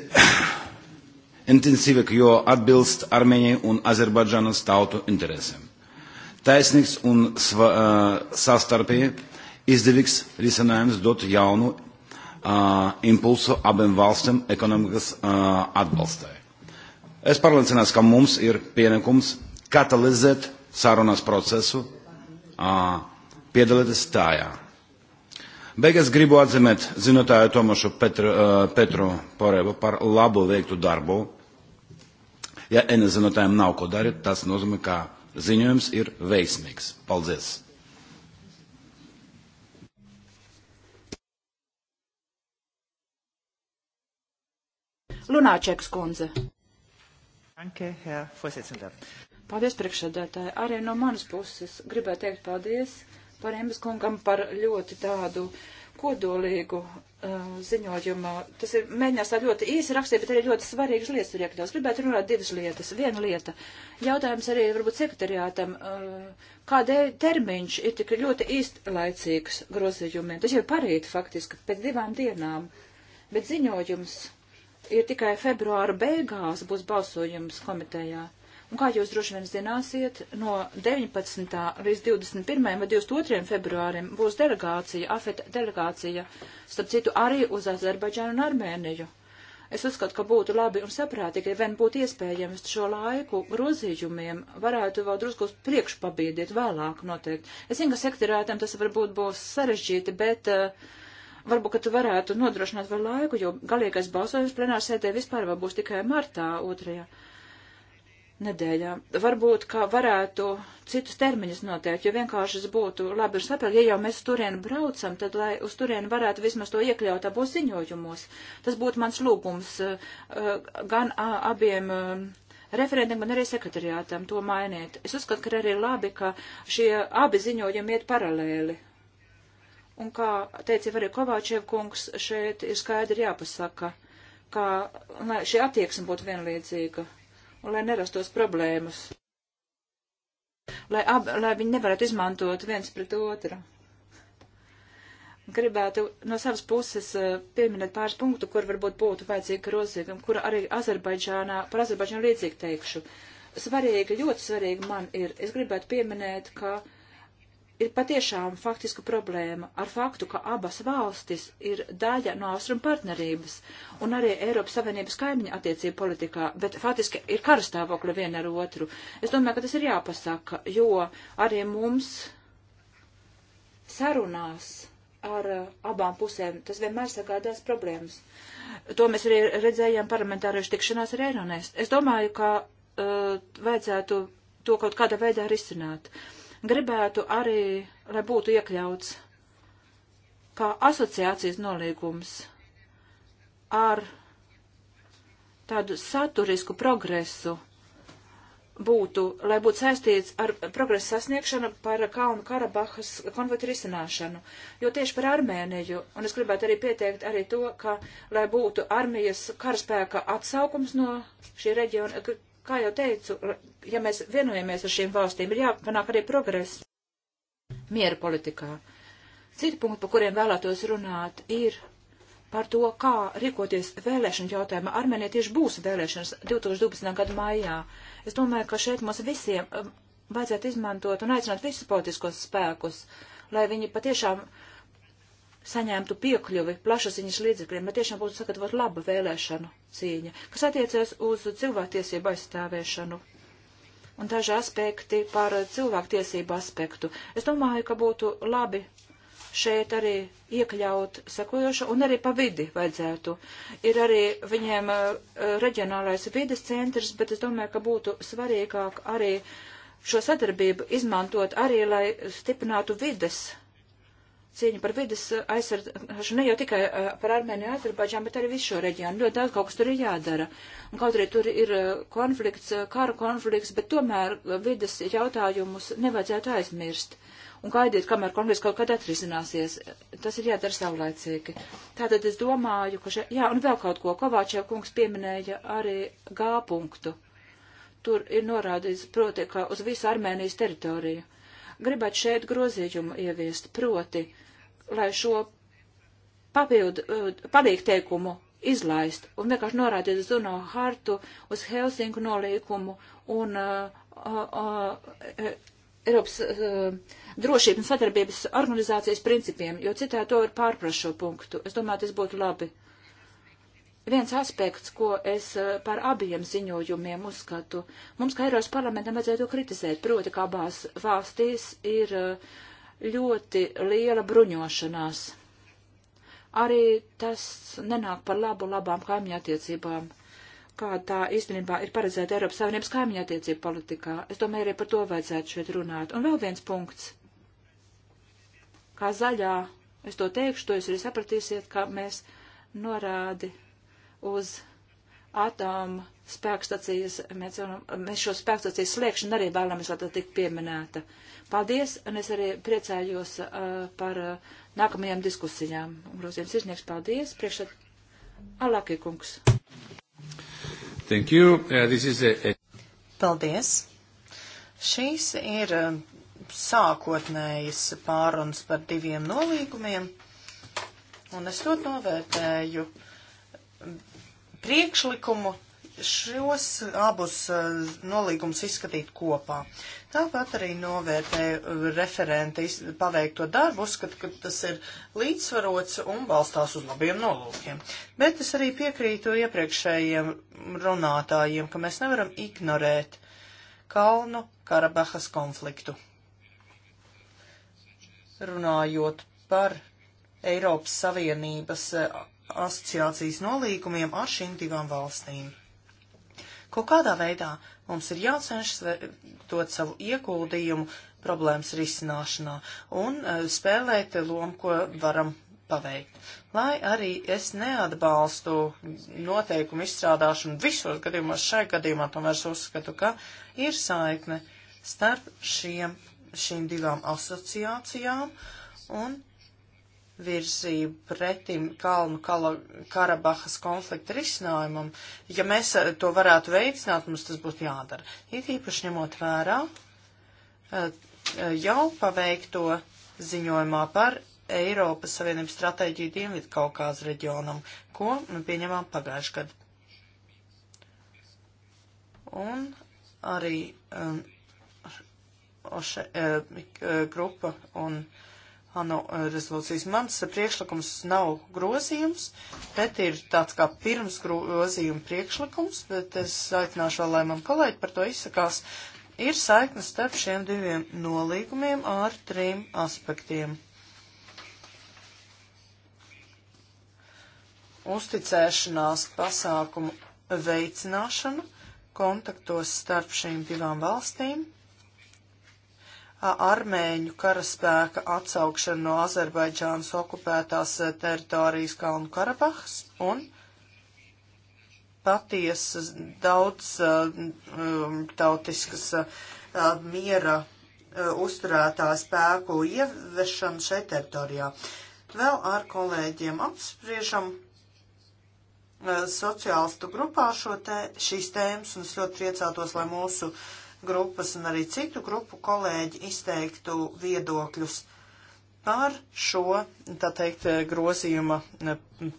intensīvāk, jo atbilst Armēnijai un Azerbaidžanas tautu interesēm. Taisnīgs un sva, uh, sastarpēji izdevīgs risinājums dot jaunu impulsu abiem valstīm ekonomikas atbalstai. Es pārliecināts, ka mums ir pienākums katalizēt sarunas procesu, piedalīties tajā. Beigās gribu atzīmēt zinotāju Tomašu Petru, Petru Porevu par labu veiktu darbu. Ja ene zinotājiem nav ko darīt, tas nozīmē, ka ziņojums ir veiksmīgs. Paldies! Lunāčeks kundze. Anke, Herr Vorsitzender. Paldies, priekšsēdētāji. Arī no manas puses gribētu teikt paldies par Embas kungam par ļoti tādu kodolīgu uh, ziņojumu. Tas ir mēģinās tā ļoti īsi rakstīt, bet arī ļoti svarīgas lietas tur iekļaus. Gribētu runāt divas lietas. Viena lieta. Jautājums arī varbūt sekretariātam. Uh, kādēļ termiņš ir tik ļoti īstlaicīgs grozījumiem? Tas jau parīt faktiski pēc divām dienām. Bet ziņojums ir tikai februāra beigās būs balsojums komitejā. Un kā jūs droši vien zināsiet, no 19. līdz 21. vai 22. februārim būs delegācija, afet delegācija, starp citu arī uz Azerbaidžānu un Armēniju. Es uzskatu, ka būtu labi un saprātīgi, ja vien būtu iespējams šo laiku grozījumiem varētu vēl drusku priekšpabīdiet vēlāk noteikti. Es zinu, ka sektorētam tas varbūt būs sarežģīti, bet uh, Varbūt, ka tu varētu nodrošināt vēl laiku, jo galīgais balsojums plenārsēdē vispār vēl būs tikai martā otrajā nedēļā. Varbūt, ka varētu citus termiņus noteikt, jo vienkārši tas būtu labi ir saprast, ja jau mēs uz turieni braucam, tad lai uz turieni varētu vismaz to iekļaut abos ziņojumos. Tas būtu mans lūgums eh, eh, gan abiem eh, referentiem, gan arī sekretariātam to mainīt. Es uzskatu, ka arī labi, ka šie abi ziņojumi iet paralēli. Un kā teica arī Kovāčiev kungs, šeit ir skaidri jāpasaka, ka lai šī attieksme būtu vienlīdzīga un lai nerastos problēmas, lai, ab, lai viņi nevarētu izmantot viens pret otru. Gribētu no savas puses eh, pieminēt pāris punktu, kur varbūt būtu vajadzīga grozījuma, kura arī Azerbaidžānā, par Azerbaidžānu līdzīgi teikšu. Svarīgi, ļoti svarīgi man ir, es gribētu pieminēt, ka uh, ir patiešām faktiska problēma ar faktu, ka abas valstis ir daļa no Austrum partnerības un arī Eiropas Savienības kaimiņa attiecību politikā, bet faktiski ir karstāvokļa viena ar otru. Es domāju, ka tas ir jāpasaka, jo arī mums sarunās ar uh, abām pusēm tas vienmēr sagādās problēmas. To mēs arī redzējām parlamentāriešu tikšanās ar Eironēs. Es domāju, ka uh, vajadzētu to kaut kādā veidā risināt. Uh, gribētu arī, lai būtu iekļauts kā asociācijas nolīgums ar tādu saturisku progresu būtu, lai būtu saistīts ar progresu sasniegšanu par Kalnu Karabahas konfliktu risināšanu. Jo tieši par Armēniju, un es gribētu arī pieteikt arī to, ka, lai būtu armijas karaspēka atsaukums no šī reģiona, kā jau teicu, ja mēs vienojamies ar šīm valstīm, ir jāpanāk arī progress miera politikā. Citi punkti, par kuriem vēlētos runāt, ir par to, kā rīkoties vēlēšanu jautājumā. Armēnija tieši būs vēlēšanas 2012. gada maijā. Es domāju, ka šeit mums visiem um, vajadzētu izmantot un aicināt visus politiskos spēkus, lai viņi patiešām uh, saņemtu piekļuvi plašasiņas līdzekļiem, lai tiešām būtu sagatavot labu vēlēšanu cīņa, kas attiecas uz cilvēktiesību aizstāvēšanu un daži aspekti par cilvēktiesību aspektu. Es domāju, ka būtu labi šeit arī iekļaut sekojošo un arī pa vidi vajadzētu. Ir arī viņiem eh, reģionālais vides centrs, bet es domāju, ka būtu svarīgāk arī šo sadarbību izmantot arī, lai stiprinātu vides cīņa par vidas aizsardzību, ne jau tikai eh, par Armēniju un Azerbaidžānu, bet arī visu šo reģionu. Ļoti daudz kaut kas tur ir jādara. Un kaut arī tur ir eh, konflikts, eh, kara konflikts, bet tomēr vidas jautājumus nevajadzētu aizmirst. Un gaidīt, kamēr konflikts kaut kad atrisināsies. Tas ir jādara saulēcīgi. Tātad es domāju, ka še... jā, un vēl kaut ko Kovāčev kungs pieminēja arī G punktu. Tur ir norādīts, proti, ka uz visu Armēnijas teritoriju gribētu šeit grozījumu ieviest, proti, lai šo papildu eh, palīgteikumu izlaist un vienkārši norādīt uz UNO hartu, uz Helsinku nolīkumu un uh, uh, Eiropas uh, drošības un sadarbības organizācijas principiem, jo citādi to var pārprast šo punktu. Es domāju, tas būtu labi viens aspekts, ko es eh, par abiem ziņojumiem uzskatu. Mums, kā Eiropas parlamentam, vajadzētu kritizēt, proti, kā abās valstīs ir eh, ļoti liela bruņošanās. Arī tas nenāk par labu labām kaimiņa attiecībām, kā tā īstenībā ir paredzēta Eiropas Savienības kaimiņa attiecību politikā. Es domāju, arī par to vajadzētu šeit runāt. Un vēl viens punkts. Kā zaļā, es to teikšu, to jūs arī sapratīsiet, ka mēs norādi uz atomu spēkstacijas, mēs, mēs šo spēkstacijas slēgšanu arī vēlamies, lai tā tik pieminēta. Paldies, un es arī priecājos uh, par uh, nākamajām diskusijām. Grozījums iznieks, paldies, priekšsēd Alakī kungs. Thank you. Uh, this is a... Paldies. Šīs ir uh, sākotnējas pārunas par diviem nolīgumiem, un es ļoti novērtēju. Uh, priekšlikumu šos abus eh, nolīgumus izskatīt kopā. Tāpat arī novērtē eh, referente paveikto darbu, uzskata, ka tas ir līdzsvarots un balstās uz labiem nolūkiem. Bet es arī piekrītu iepriekšējiem runātājiem, ka mēs nevaram ignorēt Kalnu Karabahas konfliktu. Runājot par Eiropas Savienības eh, asociācijas nolīgumiem ar šīm divām valstīm. Kaut kādā veidā mums ir jācenšas dot savu ieguldījumu problēmas risināšanā un e, spēlēt lomu, ko varam paveikt. Lai arī es neatbalstu noteikumu izstrādāšanu visos gadījumos, šai gadījumā tomēr es uzskatu, ka ir saikne starp šiem, šīm divām asociācijām un virzību pretim Kalnu Kala, Karabahas konflikta risinājumam. Ja mēs eh, to varētu veicināt, mums tas būtu jādara. It īpaši ņemot vērā eh, eh, jau paveikto ziņojumā par Eiropas Savienības stratēģiju Dienvidu Kaukāzu reģionam, ko pieņemām pagājušajā gadā. Un arī um, oše, uh, grupa un uh, ANO rezolūcijas. Mans priekšlikums nav grozījums, bet ir tāds kā pirms grozījuma priekšlikums, bet es aicināšu vēl, lai man kolēģi par to izsakās. Ir saiknes starp šiem diviem nolīgumiem ar trim aspektiem. Uzticēšanās pasākumu veicināšanu kontaktos starp šīm divām valstīm armēņu karaspēka atsaukšanu no Azerbaidžānas okupētās teritorijas Kalnu Karabahas un patiesas daudz um, tautiskas miera uzturētā spēku ieviešanu šeit teritorijā. Vēl ar kolēģiem apspriežam sociālistu grupā šo te, šīs tēmas, un es ļoti priecātos, lai mūsu uh, grupas un arī citu grupu kolēģi izteiktu viedokļus par šo, tā teikt, grozījuma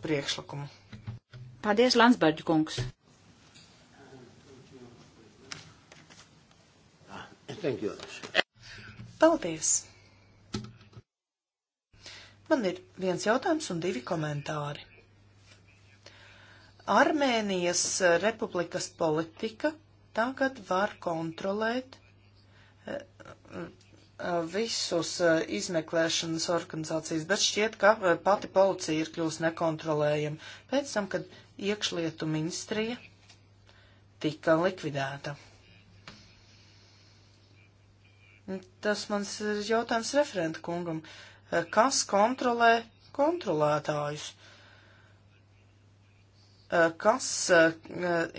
priekšlikumu. Paldies, Landsbergi kungs. Paldies. Man ir viens jautājums un divi komentāri. Armēnijas republikas politika tagad var kontrolēt eh, eh, visus eh, izmeklēšanas organizācijas, bet šķiet, ka pati policija ir kļūst nekontrolējama pēc tam, kad iekšlietu ministrija tika likvidēta. Tas mans jautājums referentu kungam. Kas kontrolē kontrolētājus? Eh, kas eh,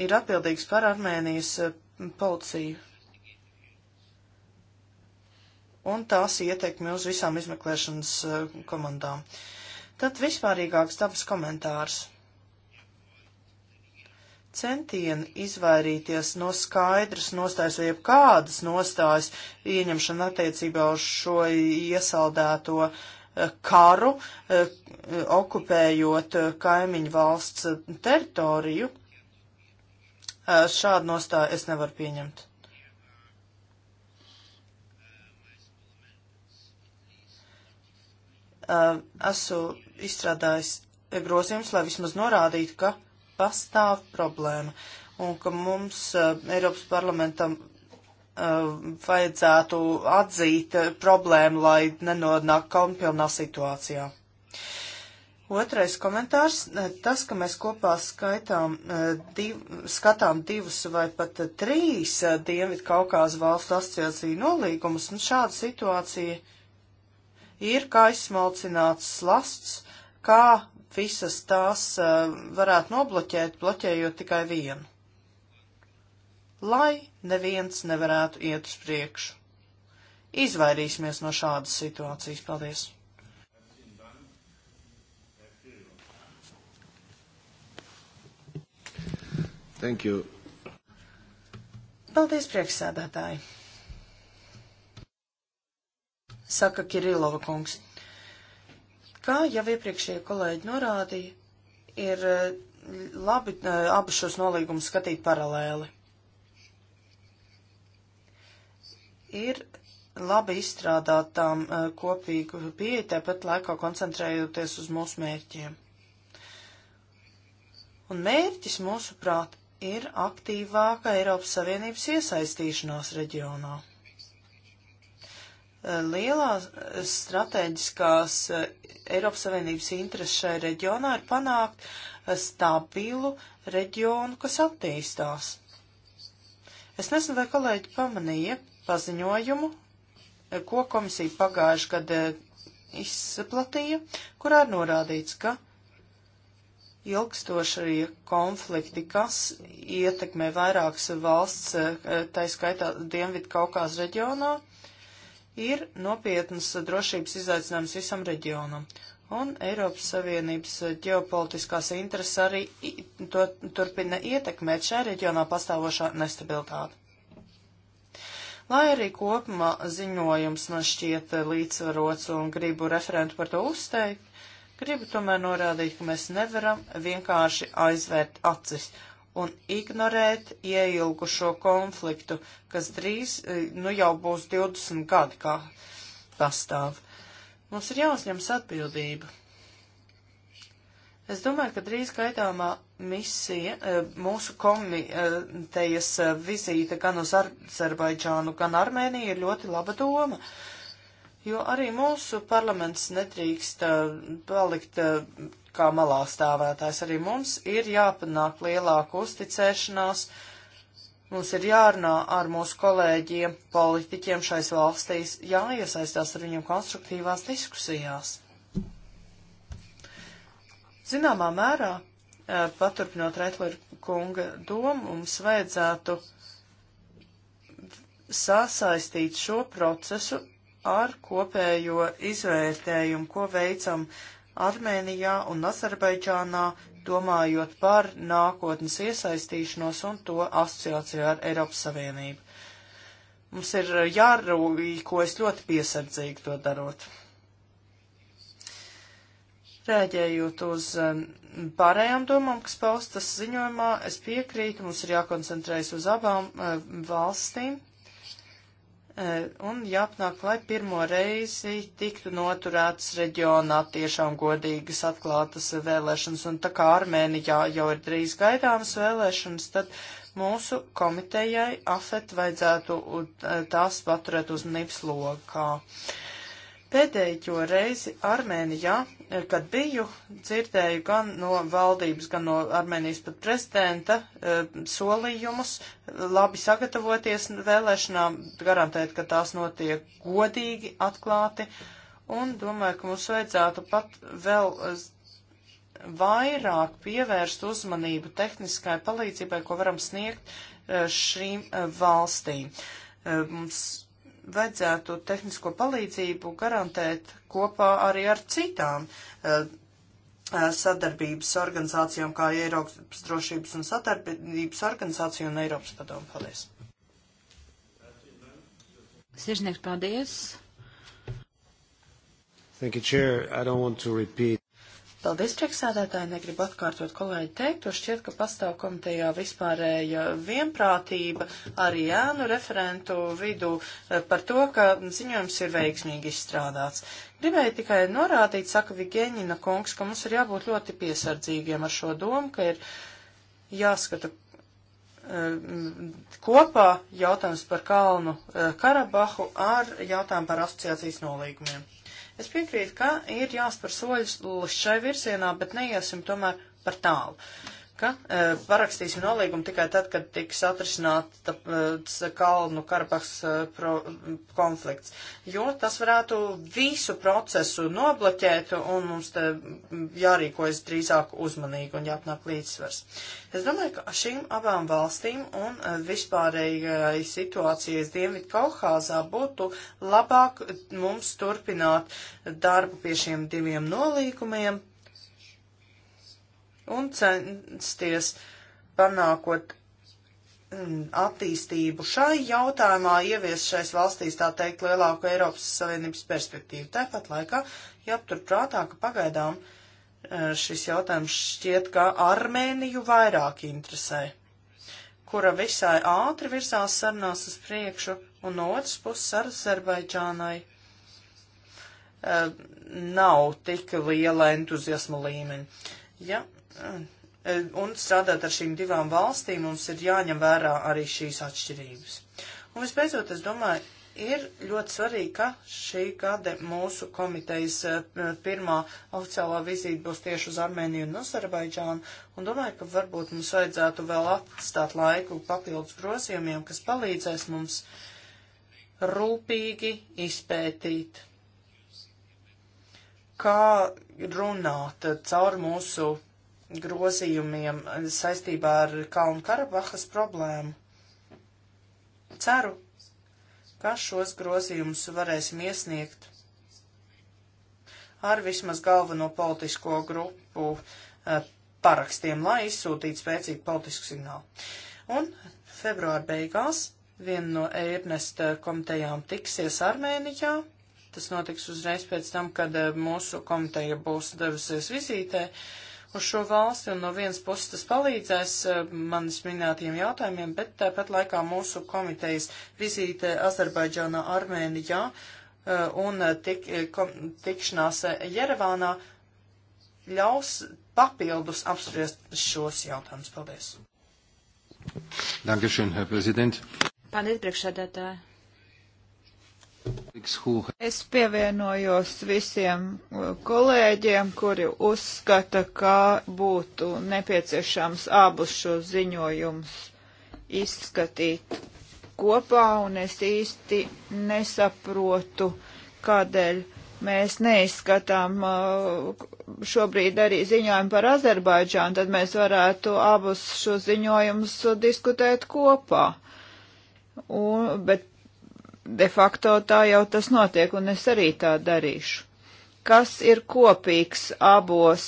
ir atbildīgs par Armēnijas eh, policiju un tās ietekmi uz visām izmeklēšanas komandām. Tad vispārīgāks dabas komentārs. Centieni izvairīties no skaidras nostājas vai kādas nostājas ieņemšana attiecībā uz šo iesaldēto uh, karu, eh, okupējot eh, kaimiņu valsts eh, teritoriju. Šādu nostāju es nevaru pieņemt. Esmu izstrādājis grozījums, lai vismaz norādītu, ka pastāv problēma un ka mums Eiropas parlamentam Uh, vajadzētu atzīt uh, problēmu, lai nenonāk kaunpilnā situācijā. Otrais komentārs uh, - tas, ka mēs kopā skaitām, div, skatām divus vai pat trīs Dienvidu Kaukāzu valstu asociāciju nolīgumus, un šāda situācija ir kā izsmalcināts slasts, kā visas tās varētu nobloķēt, bloķējot tikai vienu lai neviens nevarētu iet uz priekšu. Izvairīsimies no šādas situācijas. Paldies! Thank you. Paldies, priekšsēdētāji! Saka Kirilova kungs. Kā jau iepriekšējie kolēģi norādīja, ir eh, labi eh, abu šos nolīgumus skatīt paralēli. ir labi izstrādātām e, kopīgu pieeju, tāpat laikā koncentrējoties uz mūsu mērķiem. Un mērķis, mūsuprāt, ir aktīvāka Eiropas Savienības iesaistīšanās reģionā. E, Lielās strateģiskās e, Eiropas Savienības intereses šai reģionā ir panākt stabilu reģionu, kas attīstās. Es nezinu, vai kolēģi pamanīja, paziņojumu, eh, ko komisija pagājuši gadu eh, izplatīja, kurā ir norādīts, ka ilgstošie konflikti, kas ietekmē vairākas valsts, eh, tā skaitā Dienvidu Kaukās reģionā, ir nopietnas drošības izaicinājums visam reģionam. Un Eiropas Savienības ģeopolitiskās intereses arī to turpina ietekmēt šajā reģionā pastāvošā nestabilitāte. Lai arī kopumā ziņojums man šķiet līdzsvarots un gribu referentu par to uzteikt, gribu tomēr norādīt, ka mēs nevaram vienkārši aizvērt acis un ignorēt ieilgušo konfliktu, kas drīz, eh, nu jau būs 20 gadi kā pastāv. Mums ir jāuzņems atbildība. Es domāju, ka drīz gaidāmā misija, e, mūsu komitejas e, vizīte gan uz Azerbaidžānu, gan Armēniju ir ļoti laba doma, jo arī mūsu parlaments nedrīkst e, palikt kā malā stāvētājs. Arī mums ir jāpanāk lielāka uzticēšanās, mums ir jārunā ar mūsu kolēģiem, politiķiem šais valstīs, jāiesaistās ar viņiem konstruktīvās diskusijās. Zināmā mērā Eh, paturpinot Reitleru kunga domu, mums vajadzētu sasaistīt šo procesu ar kopējo izvērtējumu, ko veicam Armēnijā un Azerbaidžānā, domājot par nākotnes iesaistīšanos un to asociāciju ar Eiropas Savienību. Mums ir jārūkojas ļoti piesardzīgi to darot. Rēģējot uz um, pārējām domām, kas paustas ziņojumā, es piekrītu, mums ir jākoncentrējas uz abām um, valstīm uh, un jāpanāk, lai pirmo reizi tiktu noturētas reģionā tiešām godīgas atklātas vēlēšanas. Un tā kā Armēnijā jau ir drīz gaidāmas vēlēšanas, tad mūsu komitejai AFET vajadzētu uh, tās paturēt uzmanības lokā. Pēdējo reizi Armēnijā Eh, kad biju, dzirdēju gan no valdības, gan no Armēnijas pat prezidenta eh, solījumus eh, labi sagatavoties vēlēšanām, garantēt, ka tās notiek godīgi, atklāti, un domāju, ka mums vajadzētu pat vēl vairāk pievērst uzmanību tehniskai palīdzībai, ko varam sniegt šīm valstīm. Mums vajadzētu tehnisko palīdzību garantēt kopā arī ar citām uh, sadarbības organizācijām, kā Eiropas drošības un sadarbības organizācija un Eiropas padomu. Paldies! Sirsnieks, paldies! Thank you, Chair. I don't want to repeat. Paldies, priekšsēdētāji, negribu atkārtot kolēģi teikto, šķiet, ka pastāv komitejā vispārēja vienprātība arī ēnu referentu vidū eh, par to, ka ziņojums ir veiksmīgi izstrādāts. Gribēju tikai norādīt, saka Vigēņina kungs, ka mums ir jābūt ļoti piesardzīgiem ar šo domu, ka ir jāskata eh, kopā jautājums par Kalnu eh, Karabahu ar jautājumu par asociācijas nolīgumiem. Es piekrītu, ka ir jāspēr soļus šai virzienā, bet neiesim tomēr par tālu. Uh, ka uh, parakstīsim nolīgumu tikai tad, kad tiks atrisināta uh, Kalnu Karabahs uh, pro, konflikts, jo tas varētu visu procesu nobloķēt un mums te jārīkojas drīzāk uzmanīgi un jāpanāk līdzsvars. Es domāju, ka šīm abām valstīm un uh, vispārējai situācijas Dienvidu Kauhāzā būtu labāk mums turpināt darbu pie šiem diviem nolīgumiem un censties panākot mm, attīstību šai jautājumā ievies šais valstīs, tā teikt, lielāku Eiropas Savienības perspektīvu. Tāpat laikā jāaptur prātā, ka pagaidām e, šis jautājums šķiet, ka Armēniju vairāk interesē, kura visai ātri virzās sarunās uz priekšu, un no otras puses ar Azerbaidžānai e, nav tik liela entuziasma līmeņa. Ja Un strādāt ar šīm divām valstīm mums ir jāņem vērā arī šīs atšķirības. Un visbeidzot, es domāju, ir ļoti svarīgi, ka šī gada mūsu komitejas eh, pirmā oficiālā vizīte būs tieši uz Armēniju un Azerbaidžānu, un domāju, ka varbūt mums vajadzētu vēl atstāt laiku papildus grozījumiem, kas palīdzēs mums rūpīgi izpētīt, kā runāt caur mūsu grozījumiem saistībā ar Kalnu Karabahas problēmu. Ceru, ka šos grozījumus varēsim iesniegt ar vismaz galveno politisko grupu eh, parakstiem, lai izsūtītu spēcīgu politisku signālu. Un februāra beigās viena no Ernesta komitejām tiksies Armēnijā. Tas notiks uzreiz pēc tam, kad eh, mūsu komiteja būs devusies vizītē. Uh, uz šo valsti, un no vienas puses tas palīdzēs eh, manis minētajiem jautājumiem, bet tāpat laikā mūsu komitejas vizīte Azerbaidžānā, Armēnijā eh, un eh, tik, kom, tikšanās Jerevānā ļaus papildus apspriest šos jautājumus. Paldies! Dankeschön, Herr Präsident! Paldies, priekšsēdētāji! Es pievienojos visiem uh, kolēģiem, kuri uzskata, ka būtu nepieciešams abus šos ziņojumus izskatīt kopā, un es īsti nesaprotu, kādēļ mēs neizskatām uh, šobrīd arī ziņojumu par Azerbaidžānu, tad mēs varētu abus šos ziņojumus diskutēt kopā. Un, bet de facto tā jau tas notiek, un es arī tā darīšu. Kas ir kopīgs abos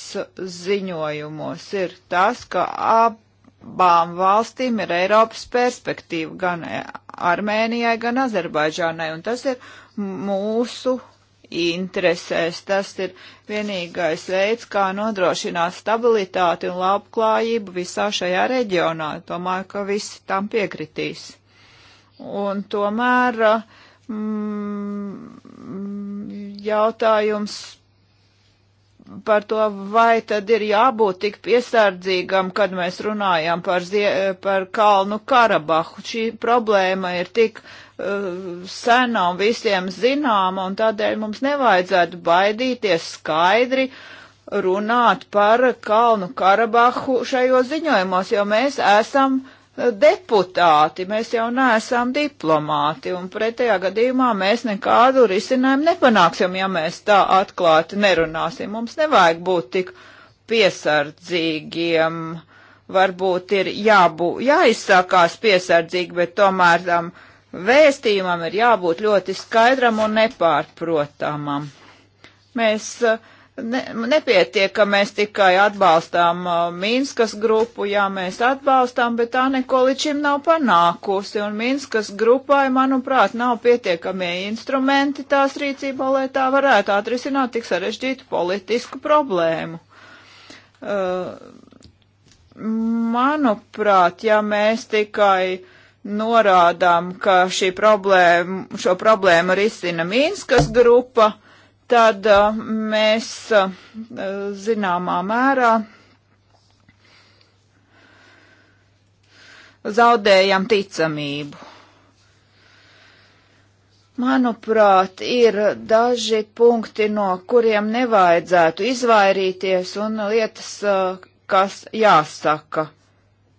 ziņojumos, ir tas, ka abām valstīm ir Eiropas perspektīva, gan Armēnijai, gan Azerbaidžānai, un tas ir mūsu interesēs. Tas ir vienīgais veids, kā nodrošināt stabilitāti un labklājību visā šajā reģionā. Domāju, ka visi tam piekritīs. Un tomēr uh, mm, jautājums par to, vai tad ir jābūt tik piesardzīgam, kad mēs runājam par, zie, par Kalnu Karabahu. Šī problēma ir tik uh, sena un visiem zināma, un tādēļ mums nevajadzētu baidīties skaidri runāt par Kalnu Karabahu šajos ziņojumos, jo mēs esam uh, deputāti, mēs jau neesam diplomāti, un pretējā gadījumā mēs nekādu risinājumu nepanāksim, ja mēs tā atklāti nerunāsim. Mums nevajag būt tik piesardzīgiem, varbūt ir jābū, jāizsākās piesardzīgi, bet tomēr tam vēstījumam ir jābūt ļoti skaidram un nepārprotamam. Mēs uh, ne, nepietiek, ka mēs tikai atbalstām uh, Minskas grupu, jā, mēs atbalstām, bet tā neko līdz šim nav panākusi, un Minskas grupai, manuprāt, nav pietiekamie instrumenti tās rīcībā, lai tā varētu atrisināt tik sarežģītu politisku problēmu. Uh, manuprāt, ja mēs tikai norādām, ka šī problēma, šo problēmu risina Minskas grupa, uh, tad uh, mēs uh, zināmā mērā zaudējam ticamību. Manuprāt, ir daži punkti, no kuriem nevajadzētu izvairīties un lietas, uh, kas jāsaka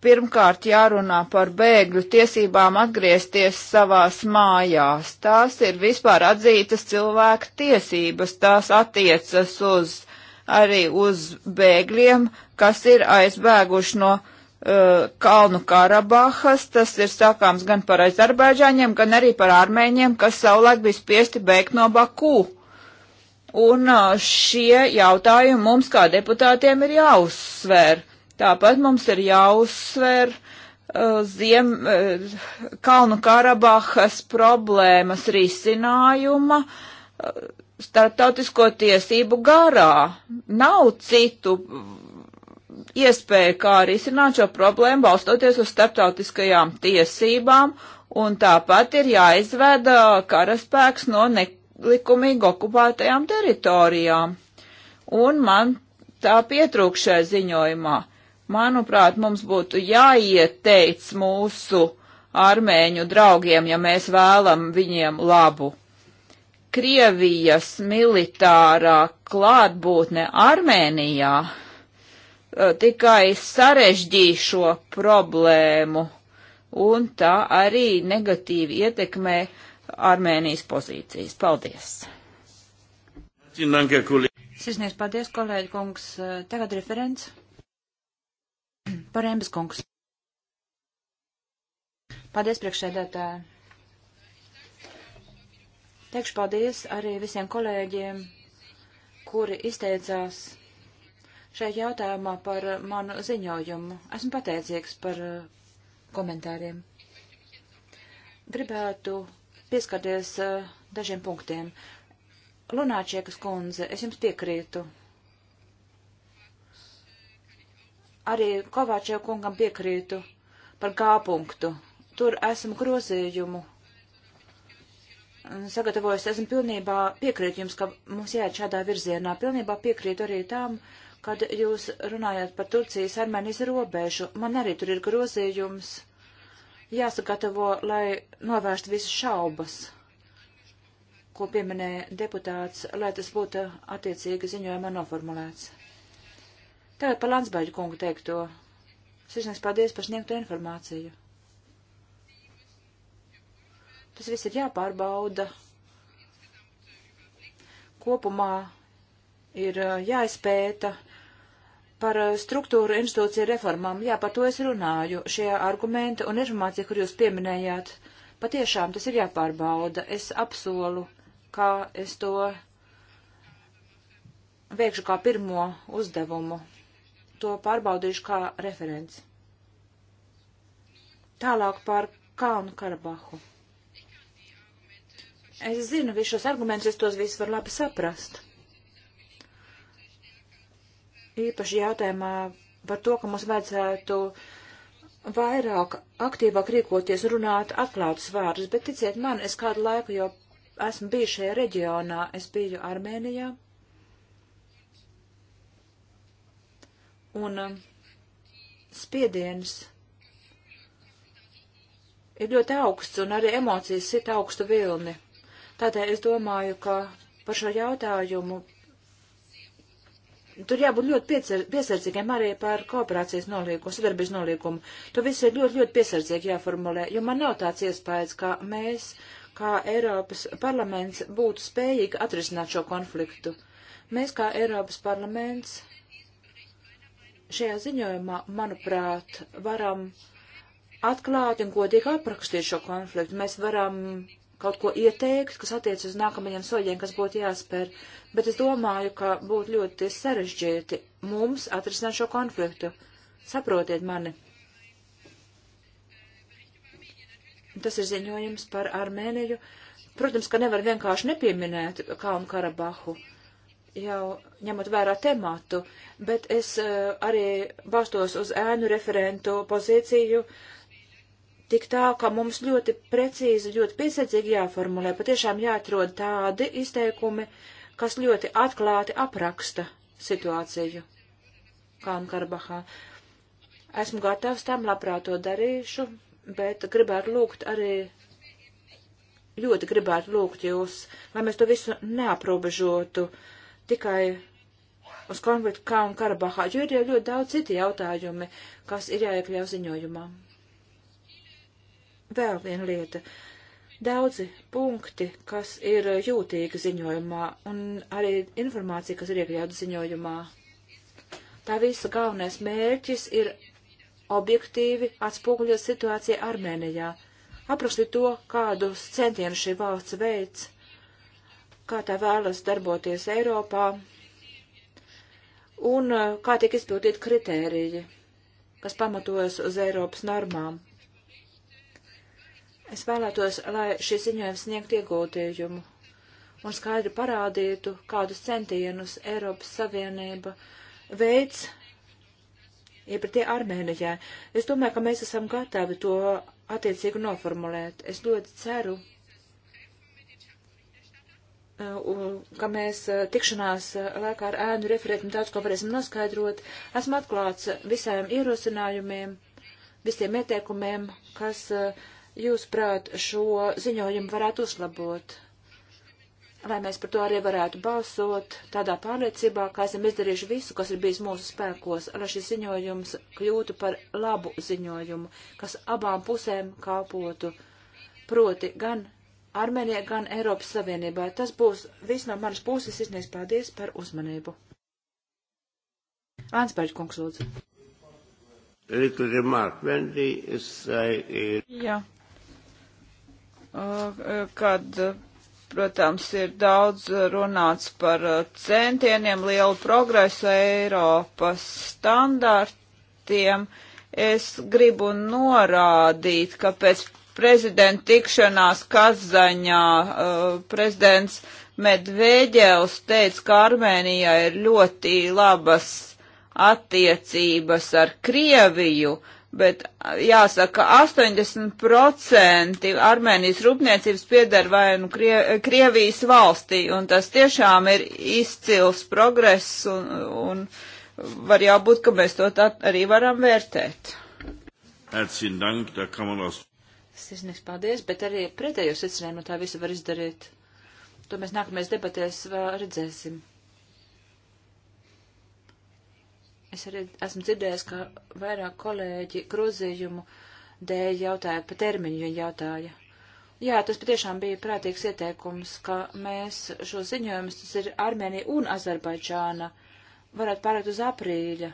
pirmkārt jārunā par bēgļu tiesībām atgriezties savās mājās. Tās ir vispār atzītas cilvēka tiesības, tās attiecas uz arī uz bēgļiem, kas ir aizbēguši no uh, Kalnu Karabahas, tas ir sakāms gan par Azerbaidžāņiem, gan arī par armēņiem, kas savulaik bija spiesti bēgt no Bakū. Un uh, šie jautājumi mums kā deputātiem ir jāuzsver Tāpat mums ir jāuzsver uh, Ziem, uh, Kalnu Karabahas problēmas risinājuma uh, starptautisko tiesību garā. Nav citu iespēju, kā risināt šo problēmu, balstoties uz starptautiskajām tiesībām, un tāpat ir jāizveda karaspēks no nelikumīgi okupētajām teritorijām. Un man tā pietrūkšai ziņojumā. Manuprāt, mums būtu jāieteic mūsu armēņu draugiem, ja mēs vēlam viņiem labu. Krievijas militārā klātbūtne Armēnijā e, tikai sarežģīja šo problēmu, un tā arī negatīvi ietekmē Armēnijas pozīcijas. Paldies! Sirsnieks, paldies, kolēģi kungs. E, Tagad referents. Parēmbas kungs. Paldies, priekšsēdētāji. Teikšu paldies arī visiem kolēģiem, kuri izteicās šajā jautājumā par manu ziņojumu. Esmu pateicīgs par uh, komentāriem. Gribētu pieskarties uh, dažiem punktiem. Lunāčiekas kundze, es jums piekrītu. arī Kovāčev kungam piekrītu par G punktu. Tur esam grozījumu sagatavojis, esmu pilnībā piekrītu jums, ka mums jāiet šādā virzienā. Pilnībā piekrītu arī tām, kad jūs runājat par Turcijas armēnijas robežu. Man arī tur ir grozījums jāsagatavo, lai novērstu visas šaubas, ko pieminēja deputāts, lai tas būtu attiecīgi ziņojumā noformulēts. Tagad par Landsbaiģu kungu teikto. Sirsnieks paldies par sniegto informāciju. Tas viss ir jāpārbauda. Kopumā ir jāizpēta par struktūru institūciju reformām. Jā, par to es runāju. Šie argumenti un informācija, kur jūs pieminējāt, patiešām tas ir jāpārbauda. Es apsolu, kā es to veikšu kā pirmo uzdevumu to pārbaudīšu kā referents. Tālāk par Kalnu Karabahu. Es zinu visus šos argumentus, es tos visus varu labi saprast. Īpaši jautājumā par to, ka mums vajadzētu vairāk aktīvāk rīkoties, runāt atklātus vārdus, bet ticiet man, es kādu laiku jau esmu bijis šajā reģionā, es biju Armēnijā. un um, spiediens ir ļoti augsts, un arī emocijas sit augstu vilni. Tādēļ es domāju, ka par šo jautājumu tur jābūt ļoti piesardzīgiem arī par kooperācijas nolīgumu, sadarbības nolīgumu. To viss ir ļoti, ļoti piesardzīgi jāformulē, jo man nav tāds iespējas, ka mēs, kā Eiropas parlaments, būtu spējīgi atrisināt šo konfliktu. Mēs, kā Eiropas parlaments, šajā ziņojumā, manuprāt, varam atklāt un godīgi aprakstīt šo konfliktu. Mēs varam kaut ko ieteikt, kas attiec uz nākamajiem soļiem, kas būtu jāspēr, bet es domāju, ka būtu ļoti sarežģīti mums atrisināt šo konfliktu. Saprotiet mani. Tas ir ziņojums par Armēniju. Protams, ka nevar vienkārši nepieminēt Kalnu Karabahu. Uh, jau ņemot vērā tematu, bet es eh, arī balstos uz ēnu referentu pozīciju tik tā, ka mums ļoti precīzi, ļoti piesardzīgi jāformulē, patiešām jāatrod tādi izteikumi, kas ļoti atklāti apraksta situāciju Kalnkarbahā. Esmu gatavs tam, labprāt to darīšu, bet gribētu lūgt arī, ļoti gribētu lūgt jūs, lai mēs to visu neaprobežotu uh, tikai uz konfliktu kā un Karabahā, jo ir jau ļoti daudz citi jautājumi, kas ir jāiekļau ziņojumā. Vēl viena lieta. Daudzi punkti, kas ir jūtīgi ziņojumā, un arī informācija, kas ir iekļauta ziņojumā. Tā visa galvenais mērķis ir objektīvi atspoguļot situāciju Armēnijā, aprakstīt to, kādus centienus šī valsts veids kā tā vēlas darboties Eiropā un uh, kā tiek izpildīt kritēriji, kas pamatojas uz Eiropas normām. Es vēlētos, lai šī ziņojums sniegt ieguldījumu un skaidri parādītu, kādus centienus Eiropas Savienība veids iepratī Armēnijai. Es domāju, ka mēs esam gatavi to attiecīgi noformulēt. Es ļoti ceru, ka Uh, ka mēs uh, tikšanās uh, laikā ar ēnu referētiem daudz ko varēsim noskaidrot. Esmu atklāts visiem ierosinājumiem, visiem ieteikumiem, kas jūs prāt šo ziņojumu varētu uzlabot. Lai mēs par to arī varētu balsot tādā pārliecībā, ka esam izdarījuši visu, kas ir bijis mūsu spēkos, lai šis ziņojums kļūtu par labu ziņojumu, kas abām pusēm kāpotu proti gan Armēnijai, gan Eiropas Savienībai. Tas būs viss no manas puses. Iznieks paldies par uzmanību. Ansberģ kungs lūdzu. Little remark. Wendy is a... Jā. E, kad e, protams, ir daudz runāts par e, centieniem, lielu progresu Eiropas standartiem. Es gribu norādīt, ka pēc prezidenta tikšanās Kazaņā uh, prezidents Medvēģevs teica, ka Armēnijā ir ļoti labas attiecības ar Krieviju, bet uh, jāsaka, 80% Armēnijas rūpniecības pieder vai nu Krie Krievijas valstī, un tas tiešām ir izcils progress, un, un var jābūt, ka mēs to tā arī varam vērtēt. Herzlichen Dank, da kann man aus. Sirsnīgs paldies, bet arī pretējo secinājumu tā visu var izdarīt. To mēs nākamais debatēs vēl redzēsim. Es arī esmu dzirdējis, ka vairāk kolēģi grozījumu dēļ jautāja pa termiņu, viņi jautāja. Jā, tas patiešām bija prātīgs ieteikums, ka mēs šo ziņojumus, tas ir Armēnija un Azerbaidžāna, varētu pārēt uz aprīļa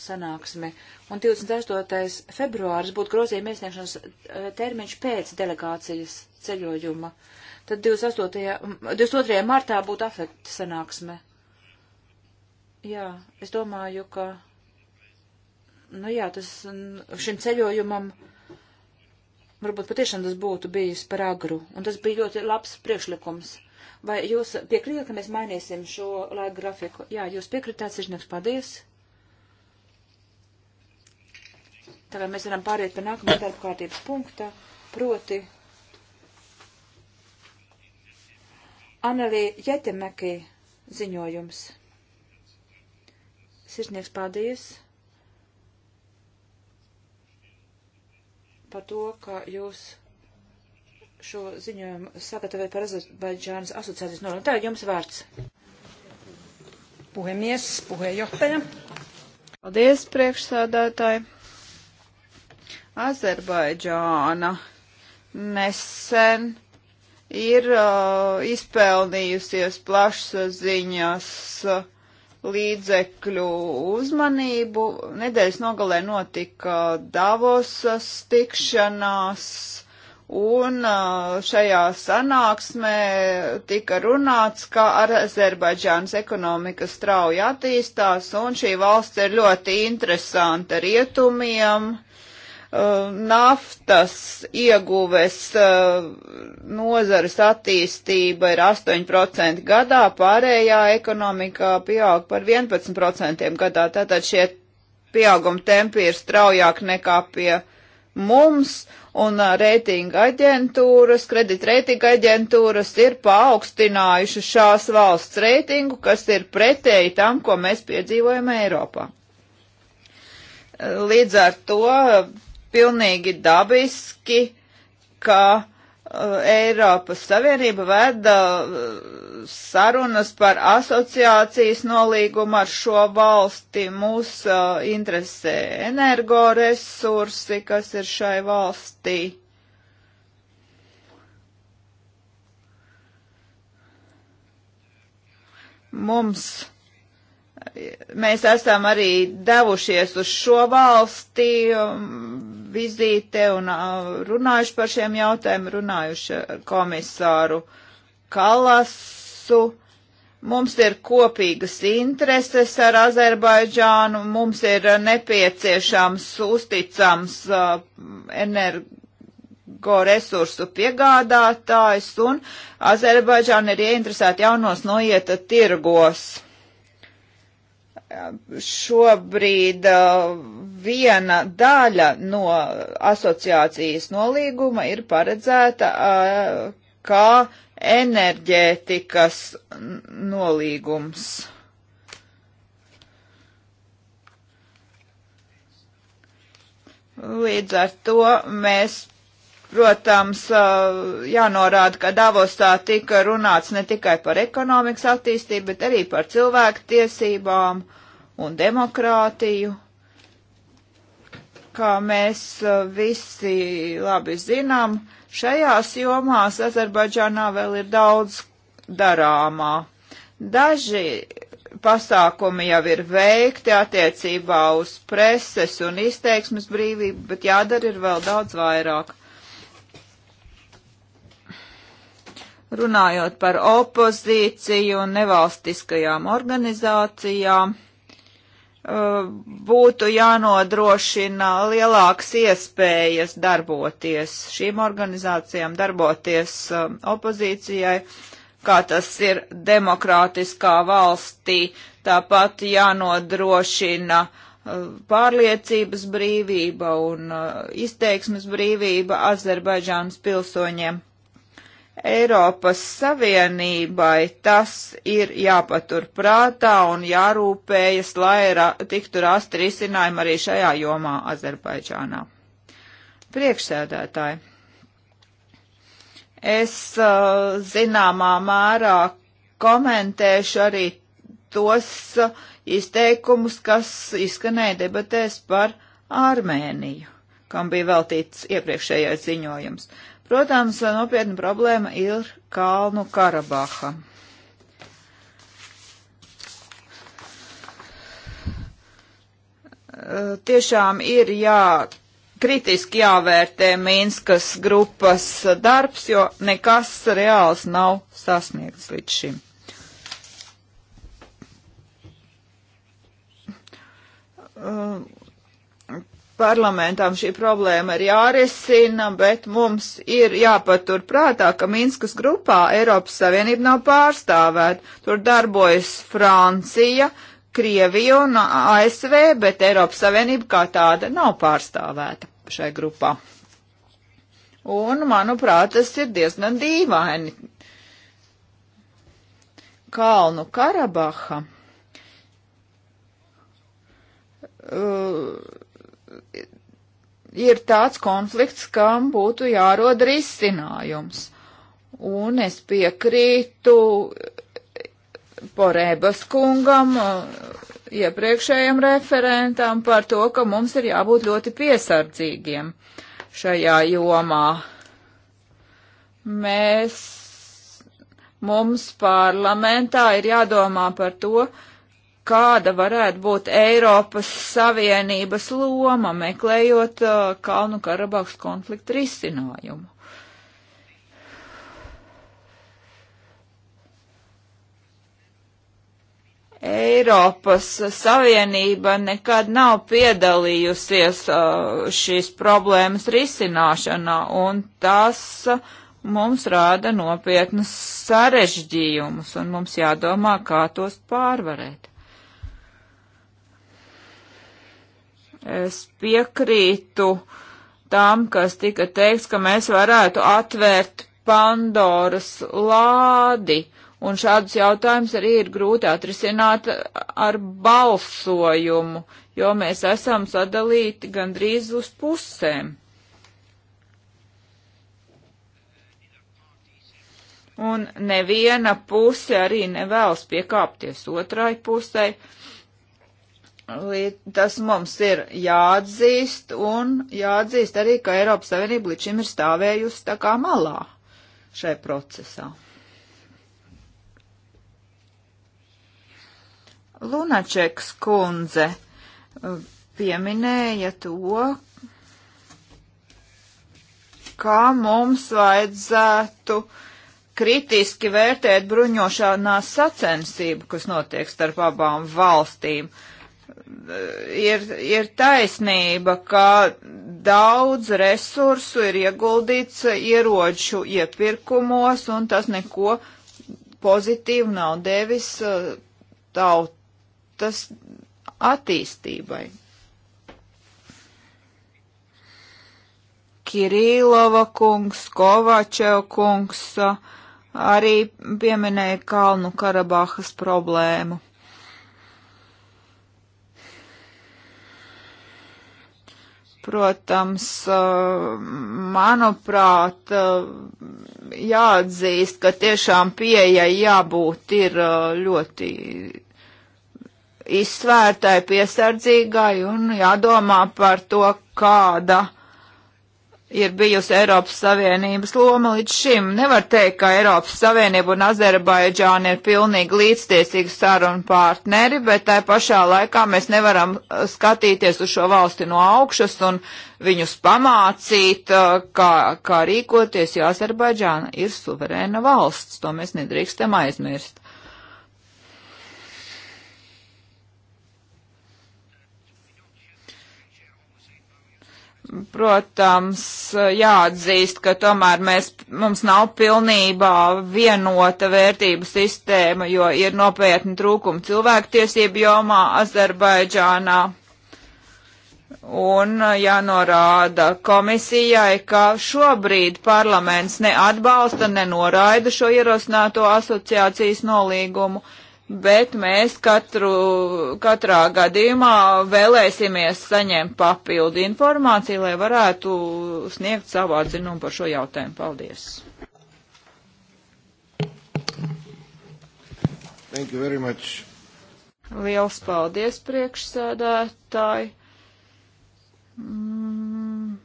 sanāksmi. Un 28. februāris būtu grozījuma iesniegšanas eh, termiņš pēc delegācijas ceļojuma. Tad 28. 22. martā būtu afekta sanāksme. Jā, es domāju, ka, nu jā, tas šim ceļojumam varbūt patiešām tas būtu bijis par agru, un tas bija ļoti labs priekšlikums. Vai jūs piekrītat, ka mēs mainīsim šo laika grafiku? Jā, jūs piekritāt, Sižnieks, paldies! Tagad mēs varam pāriet pie nākamā darba kārtības punkta, proti Anelī Jetemekī ziņojums. Sirsnieks paldies par to, ka jūs šo ziņojumu sagatavojat par Azerbaidžānas asociācijas normu. Tā ir jums vārds. Puhemies, puhejohtaja. Paldies, priekšsādātāji. Azerbaidžāna nesen ir uh, izpelnījusies plašsaziņas uh, līdzekļu uzmanību. Nedēļas nogalē notika Davosas tikšanās, un uh, šajā sanāksmē tika runāts, ka Azerbaidžānas ekonomika strauji attīstās, un šī valsts ir ļoti interesanta rietumiem. Uh, Uh, naftas ieguves uh, nozares attīstība ir 8% gadā, pārējā ekonomikā pieaug par 11% gadā. Tātad šie pieauguma tempi ir straujāk nekā pie mums, un uh, reitinga aģentūras, kreditreitinga aģentūras ir paaugstinājuši šās valsts reitingu, kas ir pretēji tam, ko mēs piedzīvojam Eiropā. Līdz ar to pilnīgi dabiski, ka uh, Eiropas Savienība veda uh, sarunas par asociācijas nolīgumu ar šo valsti. Mūs uh, interesē energoresursi, kas ir šai valstī. Mums, mēs esam arī devušies uz šo valsti, um, vizīte un runājuši par šiem jautājumiem, runājuši ar komisāru Kalasu. Mums ir kopīgas intereses ar Azerbaidžānu, mums ir nepieciešams uzticams uh, energoresursu piegādātājs, un Azerbaidžāna ir ieinteresēta jaunos noieta tirgos šobrīd uh, viena daļa no asociācijas nolīguma ir paredzēta uh, kā enerģētikas nolīgums. Līdz ar to mēs Protams, uh, jānorāda, ka Davosā tika runāts ne tikai par ekonomikas attīstību, bet arī par cilvēku tiesībām un demokrātiju, kā mēs uh, visi labi zinām, šajās jomās Azerbaidžānā vēl ir daudz darāmā. Daži pasākumi jau ir veikti attiecībā uz preses un izteiksmes brīvību, bet jādara ir vēl daudz vairāk. Runājot par opozīciju un nevalstiskajām organizācijām, Uh, būtu jānodrošina lielākas iespējas darboties šīm organizācijām, darboties um, opozīcijai, kā tas ir demokrātiskā valstī. Tāpat jānodrošina uh, pārliecības brīvība un uh, izteiksmes brīvība Azerbaidžānas pilsoņiem. Eiropas Savienībai tas ir jāpatur prātā un jārūpējas, lai ra tiktu rasti risinājumi arī šajā jomā Azerbaidžānā. Priekšsēdētāji, es uh, zināmā mērā komentēšu arī tos uh, izteikumus, kas izskanēja debatēs par Armēniju, kam bija veltīts iepriekšējais ziņojums. Uh, Protams, nopietna problēma ir Kalnu Karabaha. Tiešām ir jā, kritiski jāvērtē Minskas grupas darbs, jo nekas reāls nav sasniegts līdz šim. Uh, parlamentam šī problēma ir jārisina, bet mums ir jāpatur prātā, ka Minskas grupā Eiropas Savienība nav pārstāvēta. Tur darbojas Francija, Krievija un ASV, bet Eiropas Savienība kā tāda nav pārstāvēta šai grupā. Un, manuprāt, tas ir diezgan dīvaini. Kalnu Karabaha. Uh, ir tāds konflikts, kam būtu jārod risinājums. Un es piekrītu Porēbas kungam, uh, iepriekšējiem referentam par to, ka mums ir jābūt ļoti piesardzīgiem šajā jomā. Mēs, mums parlamentā ir jādomā par to, uh, kāda varētu būt Eiropas Savienības loma, meklējot uh, Kalnu Karabahas konfliktu risinājumu. Eiropas Savienība nekad nav piedalījusies uh, šīs problēmas risināšanā, un tas uh, mums rāda nopietnas sarežģījumus, un mums jādomā, kā tos pārvarēt. Es piekrītu tam, kas tika teikts, ka mēs varētu atvērt Pandoras lādi, un šādus jautājumus arī ir grūti atrisināt ar balsojumu, jo mēs esam sadalīti gandrīz uz pusēm. Un neviena puse arī nevēlas piekāpties otrai pusei. Uh, Tas mums ir jāatzīst un jāatzīst arī, ka Eiropas Savienība līdz šim ir stāvējusi tā kā malā šai procesā. Lunačeks kundze uh, pieminēja to, kā mums vajadzētu kritiski vērtēt bruņošanās sacensību, kas notiek starp abām valstīm. Uh, ir, ir taisnība, ka daudz resursu ir ieguldīts ieroču iepirkumos, un tas neko pozitīvu nav devis uh, tautas attīstībai. Kirīlova kungs, Kovačev kungs uh, arī pieminēja Kalnu Karabahas problēmu. Protams, manuprāt, jāatzīst, ka tiešām pieejai jābūt ir ļoti izsvērtai, piesardzīgai un jādomā par to, kāda uh, ir bijusi Eiropas Savienības loma līdz šim. Nevar teikt, ka Eiropas Savienība un Azerbaidžāna ir pilnīgi līdztiesīgi sarunu partneri, bet tai pašā laikā mēs nevaram uh, skatīties uz šo valsti no augšas un viņus pamācīt, uh, kā, kā rīkoties, jo Azerbaidžāna ir suverēna valsts. To mēs nedrīkstam aizmirst. protams, jāatzīst, ka tomēr mēs, mums nav pilnībā vienota vērtību sistēma, jo ir nopietni trūkumi cilvēktiesību jomā Azerbaidžānā. Un jānorāda komisijai, ka šobrīd parlaments neatbalsta, nenoraida šo ierosināto asociācijas nolīgumu. Uh, bet mēs katru, katrā gadījumā vēlēsimies saņemt papildu informāciju, lai varētu sniegt savu atzinumu par šo jautājumu. Paldies! Thank you very much. Liels paldies, priekšsēdētāji. Mm.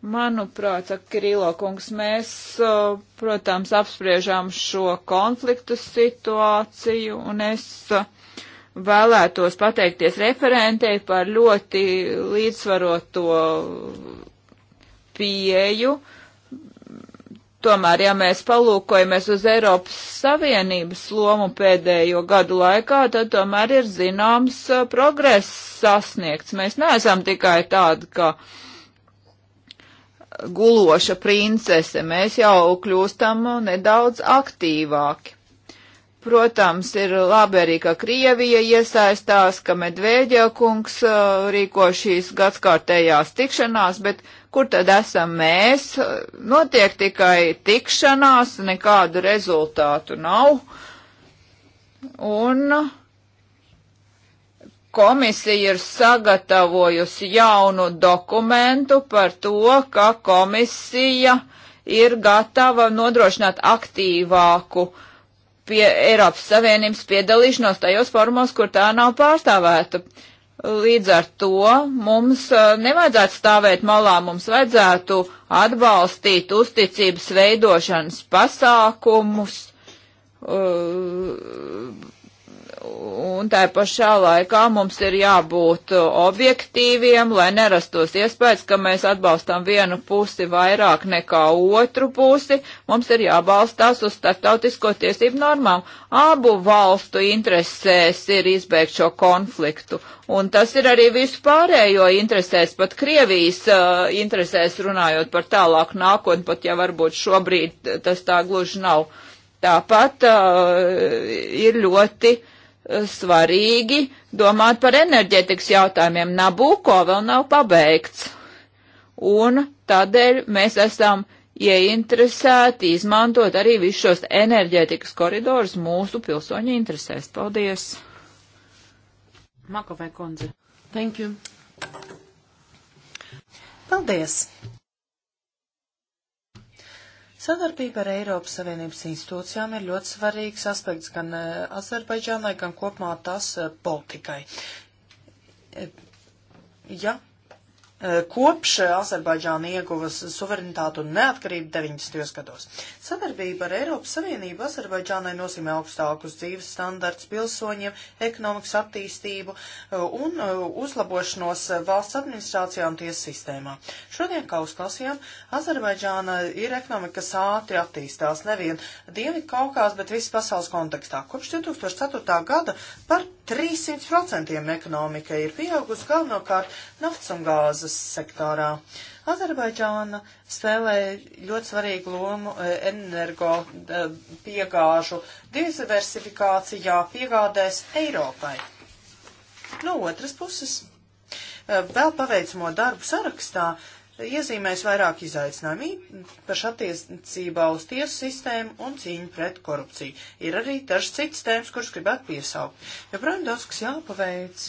Manuprāt, Krīlo kungs, mēs, uh, protams, apspriežām šo konfliktu situāciju, un es uh, vēlētos pateikties referentei par ļoti līdzsvaroto pieju. Tomēr, ja mēs palūkojamies uz Eiropas Savienības lomu pēdējo gadu laikā, tad tomēr ir zināms uh, progress sasniegts. Mēs neesam tikai tādi, ka. Kā guloša princese, mēs jau kļūstam nedaudz aktīvāki. Protams, ir labi arī, ka Krievija iesaistās, ka Medvēģekungs uh, rīko šīs gadskārtējās tikšanās, bet kur tad esam mēs? Notiek tikai tikšanās, nekādu rezultātu nav. Un uh, komisija ir sagatavojusi jaunu dokumentu par to, ka komisija ir gatava nodrošināt aktīvāku pie Eiropas Savienības piedalīšanos tajos formos, kur tā nav pārstāvēta. Līdz ar to mums e, nevajadzētu stāvēt malā, mums vajadzētu atbalstīt uzticības veidošanas pasākumus, uh, un tā pašā laikā mums ir jābūt objektīviem, lai nerastos iespējas, ka mēs atbalstam vienu pusi vairāk nekā otru pusi. Mums ir jābalstās uz starptautisko tiesību normām. Abu valstu interesēs ir izbēgt šo konfliktu. Un tas ir arī visu pārējo interesēs, pat Krievijas uh, interesēs runājot par tālāku nākotni, pat ja varbūt šobrīd tas tā gluži nav. Tāpat uh, ir ļoti uh, svarīgi domāt par enerģetikas jautājumiem. Nabuko vēl nav pabeigts. Un tādēļ mēs esam ieinteresēti izmantot arī visus šos enerģētikas koridorus mūsu pilsoņu interesēs. Paldies! Makovē kundze. Thank you. Paldies! Sadarbība ar Eiropas Savienības institūcijām ir ļoti svarīgs aspekts gan eh, Azerbaidžānai, gan kopumā tas eh, politikai. Eh, ja Eh, kopš eh, Azerbaidžāna ieguvas suverenitātu un neatkarību 90. gados. Sadarbība ar Eiropas Savienību Azerbaidžānai nozīmē augstākus dzīves standarts pilsoņiem, ekonomikas attīstību eh, un uzlabošanos valsts administrācijā un tiesu sistēmā. Šodien, kā uzklausījām, Azerbaidžāna ir ekonomika, kas ātri attīstās nevien Dienvidu Kaukās, bet visas pasaules kontekstā. Kopš 2004. gada par 300% ekonomika ir pieaugusi galvenokārt naftas un gāzes gāzes sektorā. Azerbaidžāna spēlē ļoti svarīgu lomu e, energo e, piegāžu diversifikācijā piegādēs Eiropai. No otras puses, e, vēl paveicamo darbu sarakstā iezīmēs vairāk izaicinājumu īpaši attiecībā uz tiesu sistēmu un cīņu pret korupciju. Ir arī dažas citas tēmas, kuras gribētu piesaukt. Joprojām daudz, kas jāpaveic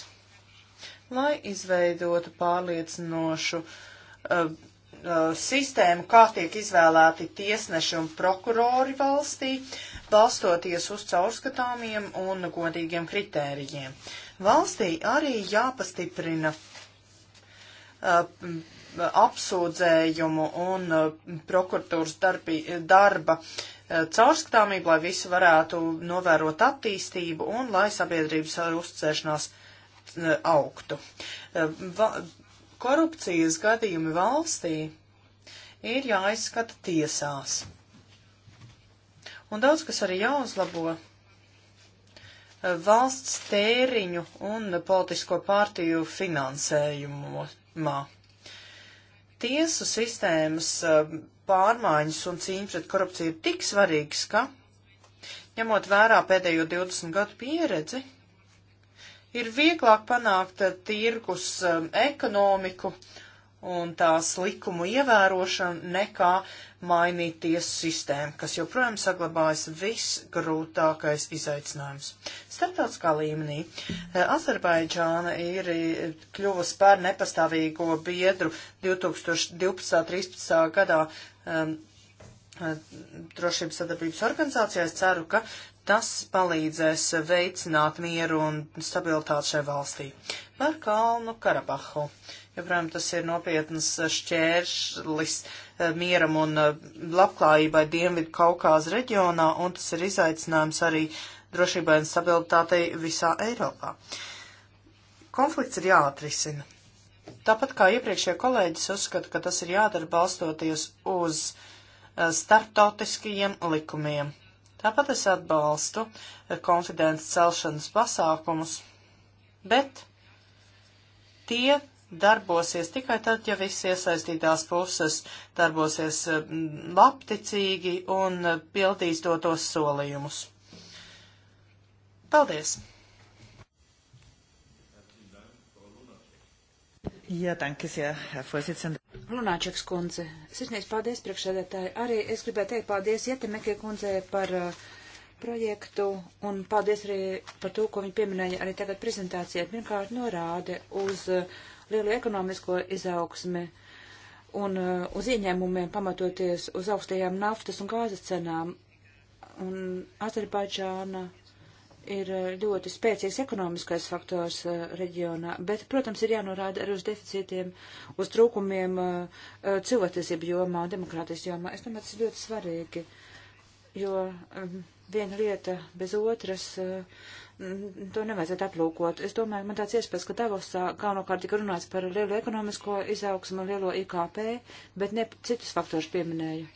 lai izveidotu pārliecinošu uh, uh, sistēmu, kā tiek izvēlēti tiesneši un prokurori valstī, balstoties uz caurskatāmiem un godīgiem kritērijiem. Valstī arī jāpastiprina uh, apsūdzējumu un uh, prokuratūras darbi, darba uh, caurskatāmību, lai visi varētu novērot attīstību un lai sabiedrības uzticēšanās Eh, augtu. Eh, va korupcijas gadījumi valstī ir jāizskata tiesās. Un daudz kas arī jāuzlabo eh, valsts tēriņu un politisko pārtīju finansējumā. Tiesu sistēmas pārmaiņas un cīņa pret korupciju ir tik svarīgs, ka, ņemot vērā pēdējo 20 gadu pieredzi, ir vieglāk panākt eh, tirgus eh, ekonomiku un tās likumu ievērošanu nekā mainīt tiesu sistēmu, kas joprojām saglabājas visgrūtākais izaicinājums. Starptautiskā līmenī eh, Azerbaidžāna ir kļuvusi par nepastāvīgo biedru 2012.13. gadā um, drošības sadarbības organizācijā. Es ceru, ka Tas palīdzēs veicināt mieru un stabilitāti šai valstī. Par Kalnu Karabahu. Joprojām tas ir nopietnas šķēršlis eh, mieram un eh, labklājībai Dienvidu Kaukāzu reģionā, un tas ir izaicinājums arī drošībai un stabilitātei visā Eiropā. Konflikts ir jāatrisina. Tāpat kā iepriekšējie kolēģis uzskata, ka tas ir jādara balstoties uz eh, starptautiskajiem likumiem. Tāpat es atbalstu eh, konfidences celšanas pasākumus, bet tie darbosies tikai tad, ja visi iesaistītās puses darbosies eh, labticīgi un eh, pildīs dotos solījumus. Paldies! Ja, danke sehr, Herr Vorsitzender. Lunāčeks kundze, sirsnīgs paldies priekšsēdētāji. Arī es gribēju teikt paldies Ietemekie kundzei par uh, projektu un paldies arī par to, ko viņi pieminēja arī tagad prezentācijā. Pirmkārt norāde uz uh, lielu ekonomisko izaugsmi un uh, uz ieņēmumiem pamatoties uz augstajām naftas un gāzes cenām. Un Azerbaidžāna ir eh, ļoti spēcīgs ekonomiskais faktors eh, reģionā, bet, protams, ir jānorāda arī uz deficītiem, uz trūkumiem eh, cilvēktiesību jomā un demokrātijas jomā. Es domāju, tas ir ļoti svarīgi, jo viena lieta bez otras to nevajadzētu aplūkot. Es domāju, man tāds iespējas, ka Davosā galvenokārt tika runāts par lielu ekonomisko izaugsmu un lielo IKP, bet ne citus faktorus pieminēja.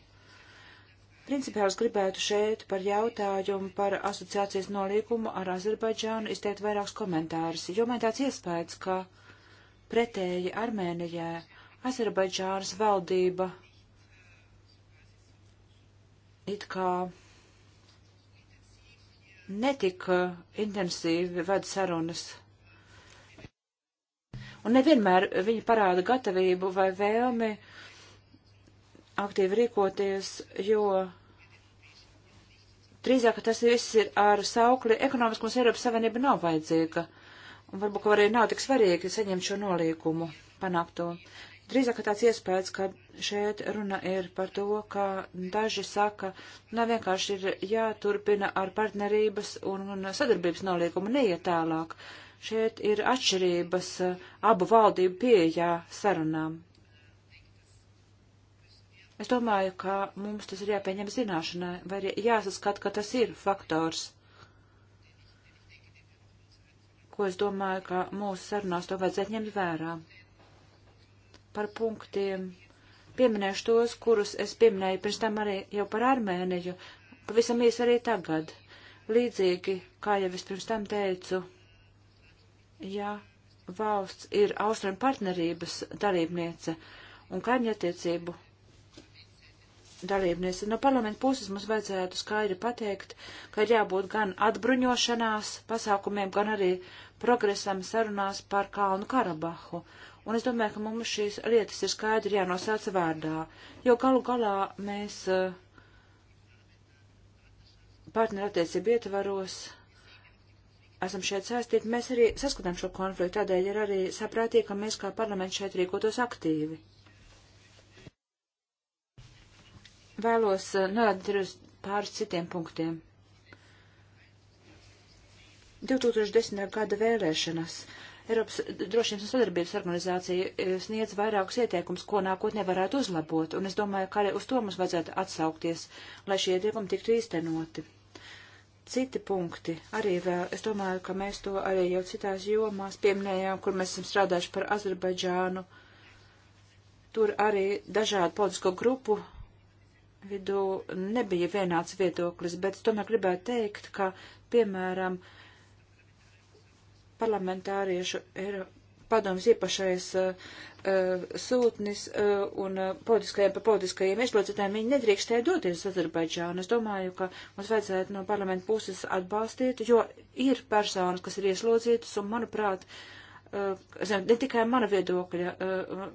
Principā es gribētu šeit par jautājumu par asociācijas nolīgumu ar Azerbaidžānu izteikt vairākus komentārus, jo man tāds iespējas, ka pretēji Armēnijai Azerbaidžānas valdība it kā netika intensīvi ved sarunas. Un nevienmēr viņi parāda gatavību vai vēlmi uh, aktīvi rīkoties, jo drīzāk tas viss ir ar saukli ekonomiski mums Eiropas Savienība nav vajadzīga. Un varbūt, ka arī nav tik svarīgi saņemt šo nolīkumu, panākt to. Drīzāk tāds iespējas, ka šeit runa ir par to, ka daži saka, nav vienkārši ir jāturpina ar partnerības un, un sadarbības nolīkumu, neiet tālāk. Šeit ir atšķirības abu valdību pieejā sarunām. Es domāju, ka mums tas ir jāpieņem zināšanai, vai arī jāsaskat, ka tas ir faktors, ko es domāju, ka mūsu sarunās to vajadzētu ņemt vērā. Par punktiem pieminēšu tos, kurus es pieminēju pirms tam arī jau par Armēniju, pavisam īsi arī tagad. Līdzīgi, kā jau es pirms tam teicu, ja valsts ir austrumu partnerības dalībniece un kaimiņattiecību dalībnieks. No parlamenta puses mums vajadzētu skaidri pateikt, ka ir jābūt gan atbruņošanās pasākumiem, gan arī progresam sarunās par Kalnu Karabahu. Un es domāju, ka mums šīs lietas ir skaidri jānosāca vārdā, jo galu galā mēs eh, partnerattiecību ietvaros esam šeit saistīti, mēs arī saskatām šo konfliktu, tādēļ ir arī saprātīgi, ka mēs kā parlaments šeit rīkotos aktīvi. vēlos eh, norādīt arī uz pāris citiem punktiem. 2010. gada vēlēšanas Eiropas drošības un sadarbības organizācija eh, sniedz vairākus ieteikumus, ko nākotnē varētu uzlabot, un es domāju, ka arī uz to mums vajadzētu atsaukties, lai šie ieteikumi tiktu īstenoti. Citi punkti arī vēl, es domāju, ka mēs to arī jau citās jomās pieminējām, kur mēs esam strādājuši par Azerbaidžānu. Tur arī dažādu politisko grupu vidū nebija vienāds viedoklis, bet tomēr gribētu teikt, ka, piemēram, parlamentāriešu Eiro, padoms iepašais uh, eh, uh, eh, sūtnis uh, un uh, politiskajiem par politiskajiem iešplocītājiem, viņi nedrīkstēja doties uz Azerbaidžānu. Es domāju, ka mums vajadzētu no parlamenta puses atbalstīt, jo ir personas, kas ir ieslodzītas, un, manuprāt, uh, Eh, ne tikai mana viedokļa, eh,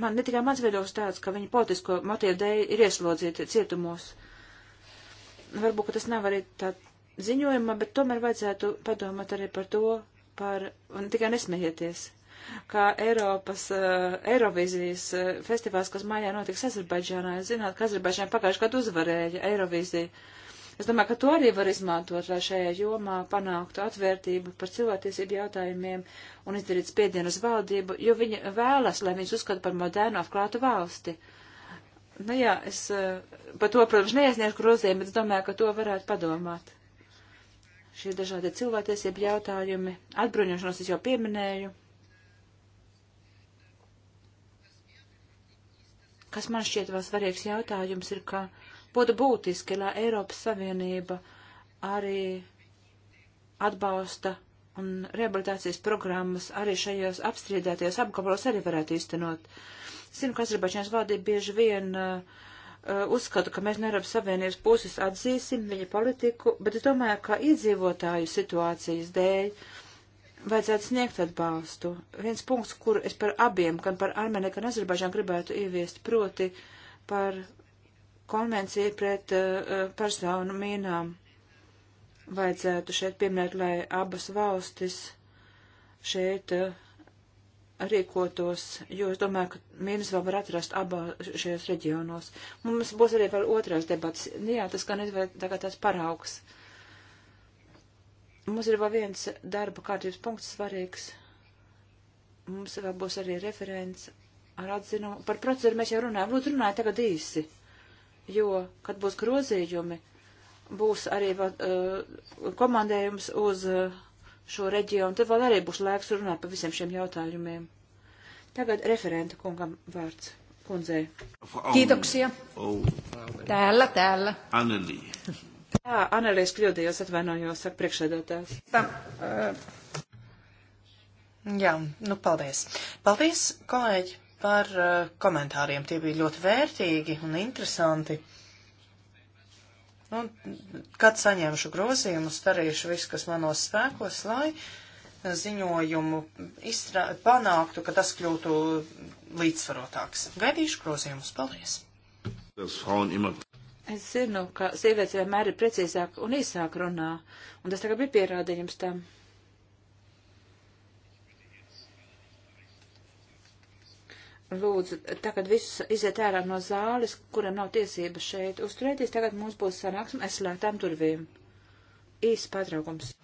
man, ne tikai mans viedoklis tāds, ka viņi politisko motīvu dēļ ir ieslodzīti cietumos. Varbūt, ka tas nav arī tā ziņojumā, bet tomēr vajadzētu padomāt arī par to, par, un tikai nesmējieties, kā Eiropas uh, Eirovizijas uh, festivāls, kas mājā notiks Azerbaidžānā. Jūs zināt, ka Azerbaidžāna pagājušajā gadu uzvarēja Eiroviziju. Uh, Es domāju, ka to arī var izmantot, lai šajā jomā panāktu atvērtību par cilvēktiesību jautājumiem un izdarīt spiedienu uz valdību, jo viņi vēlas, lai viņus uzskata par modernu atklātu valsti. Nu jā, es eh, par to, protams, neiesniešu grozījumu, bet es domāju, ka to varētu padomāt. Šie dažādi cilvēktiesību jautājumi, atbruņošanos es jau pieminēju. Kas man šķiet vēl svarīgs jautājums ir, ka. Kā Būtu būtiski, lai Eiropas Savienība arī atbalsta un rehabilitācijas programmas arī šajos apstrīdētajos apgabalos arī varētu īstenot. Zinu, ka Azerbaidžāns valdība bieži vien uh, uh, uzskata, ka mēs no Eiropas Savienības puses atzīsim viņa politiku, bet es domāju, ka iedzīvotāju situācijas dēļ vajadzētu sniegt atbalstu. Viens punkts, kur es par abiem, gan par Armēniju, gan Azerbaidžānu gribētu ieviest, proti par konvencija pret uh, personu mīnām. Vajadzētu šeit pieminēt, lai abas valstis šeit uh, rīkotos, jo es domāju, ka mīnas vēl var atrast abās šajos reģionos. Mums būs arī vēl otrās debats. Nu jā, tas gan ir tagad tāds paraugs. Mums ir vēl viens darba kārtības punkts svarīgs. Mums vēl būs arī referents ar atzinumu. Par procedūru mēs jau runājam. Lūdzu, runājiet tagad īsi jo, kad būs grozījumi, būs arī uh, komandējums uz uh, šo reģionu, tad vēl arī būs laiks runāt par visiem šiem jautājumiem. Tagad referenta kungam vārds. Kundzei. Kiitoksia. Oh. Täällä, täällä. Anneli. Jā, Annelies kļūdījos, atvainojos, saka priekšsēdētājs. Uh. Jā, nu paldies. Paldies, kolēģi, par uh, komentāriem. Tie bija ļoti vērtīgi un interesanti. Un, kad saņemšu grozījumus, darīšu visu, kas manos spēkos, lai ziņojumu izstrā... panāktu, ka tas kļūtu līdzsvarotāks. Gaidīšu grozījumus. Paldies! Es zinu, ka sievietes vienmēr ir precīzāk un īsāk runā, un tas tagad bija pierādījums tam. Lūdzu, tagad visus iziet ārā no zāles, kuram nav tiesības šeit uzturēties. Tagad mums būs sanāksme aizslēgtām durvīm. Īsts pārtraukums.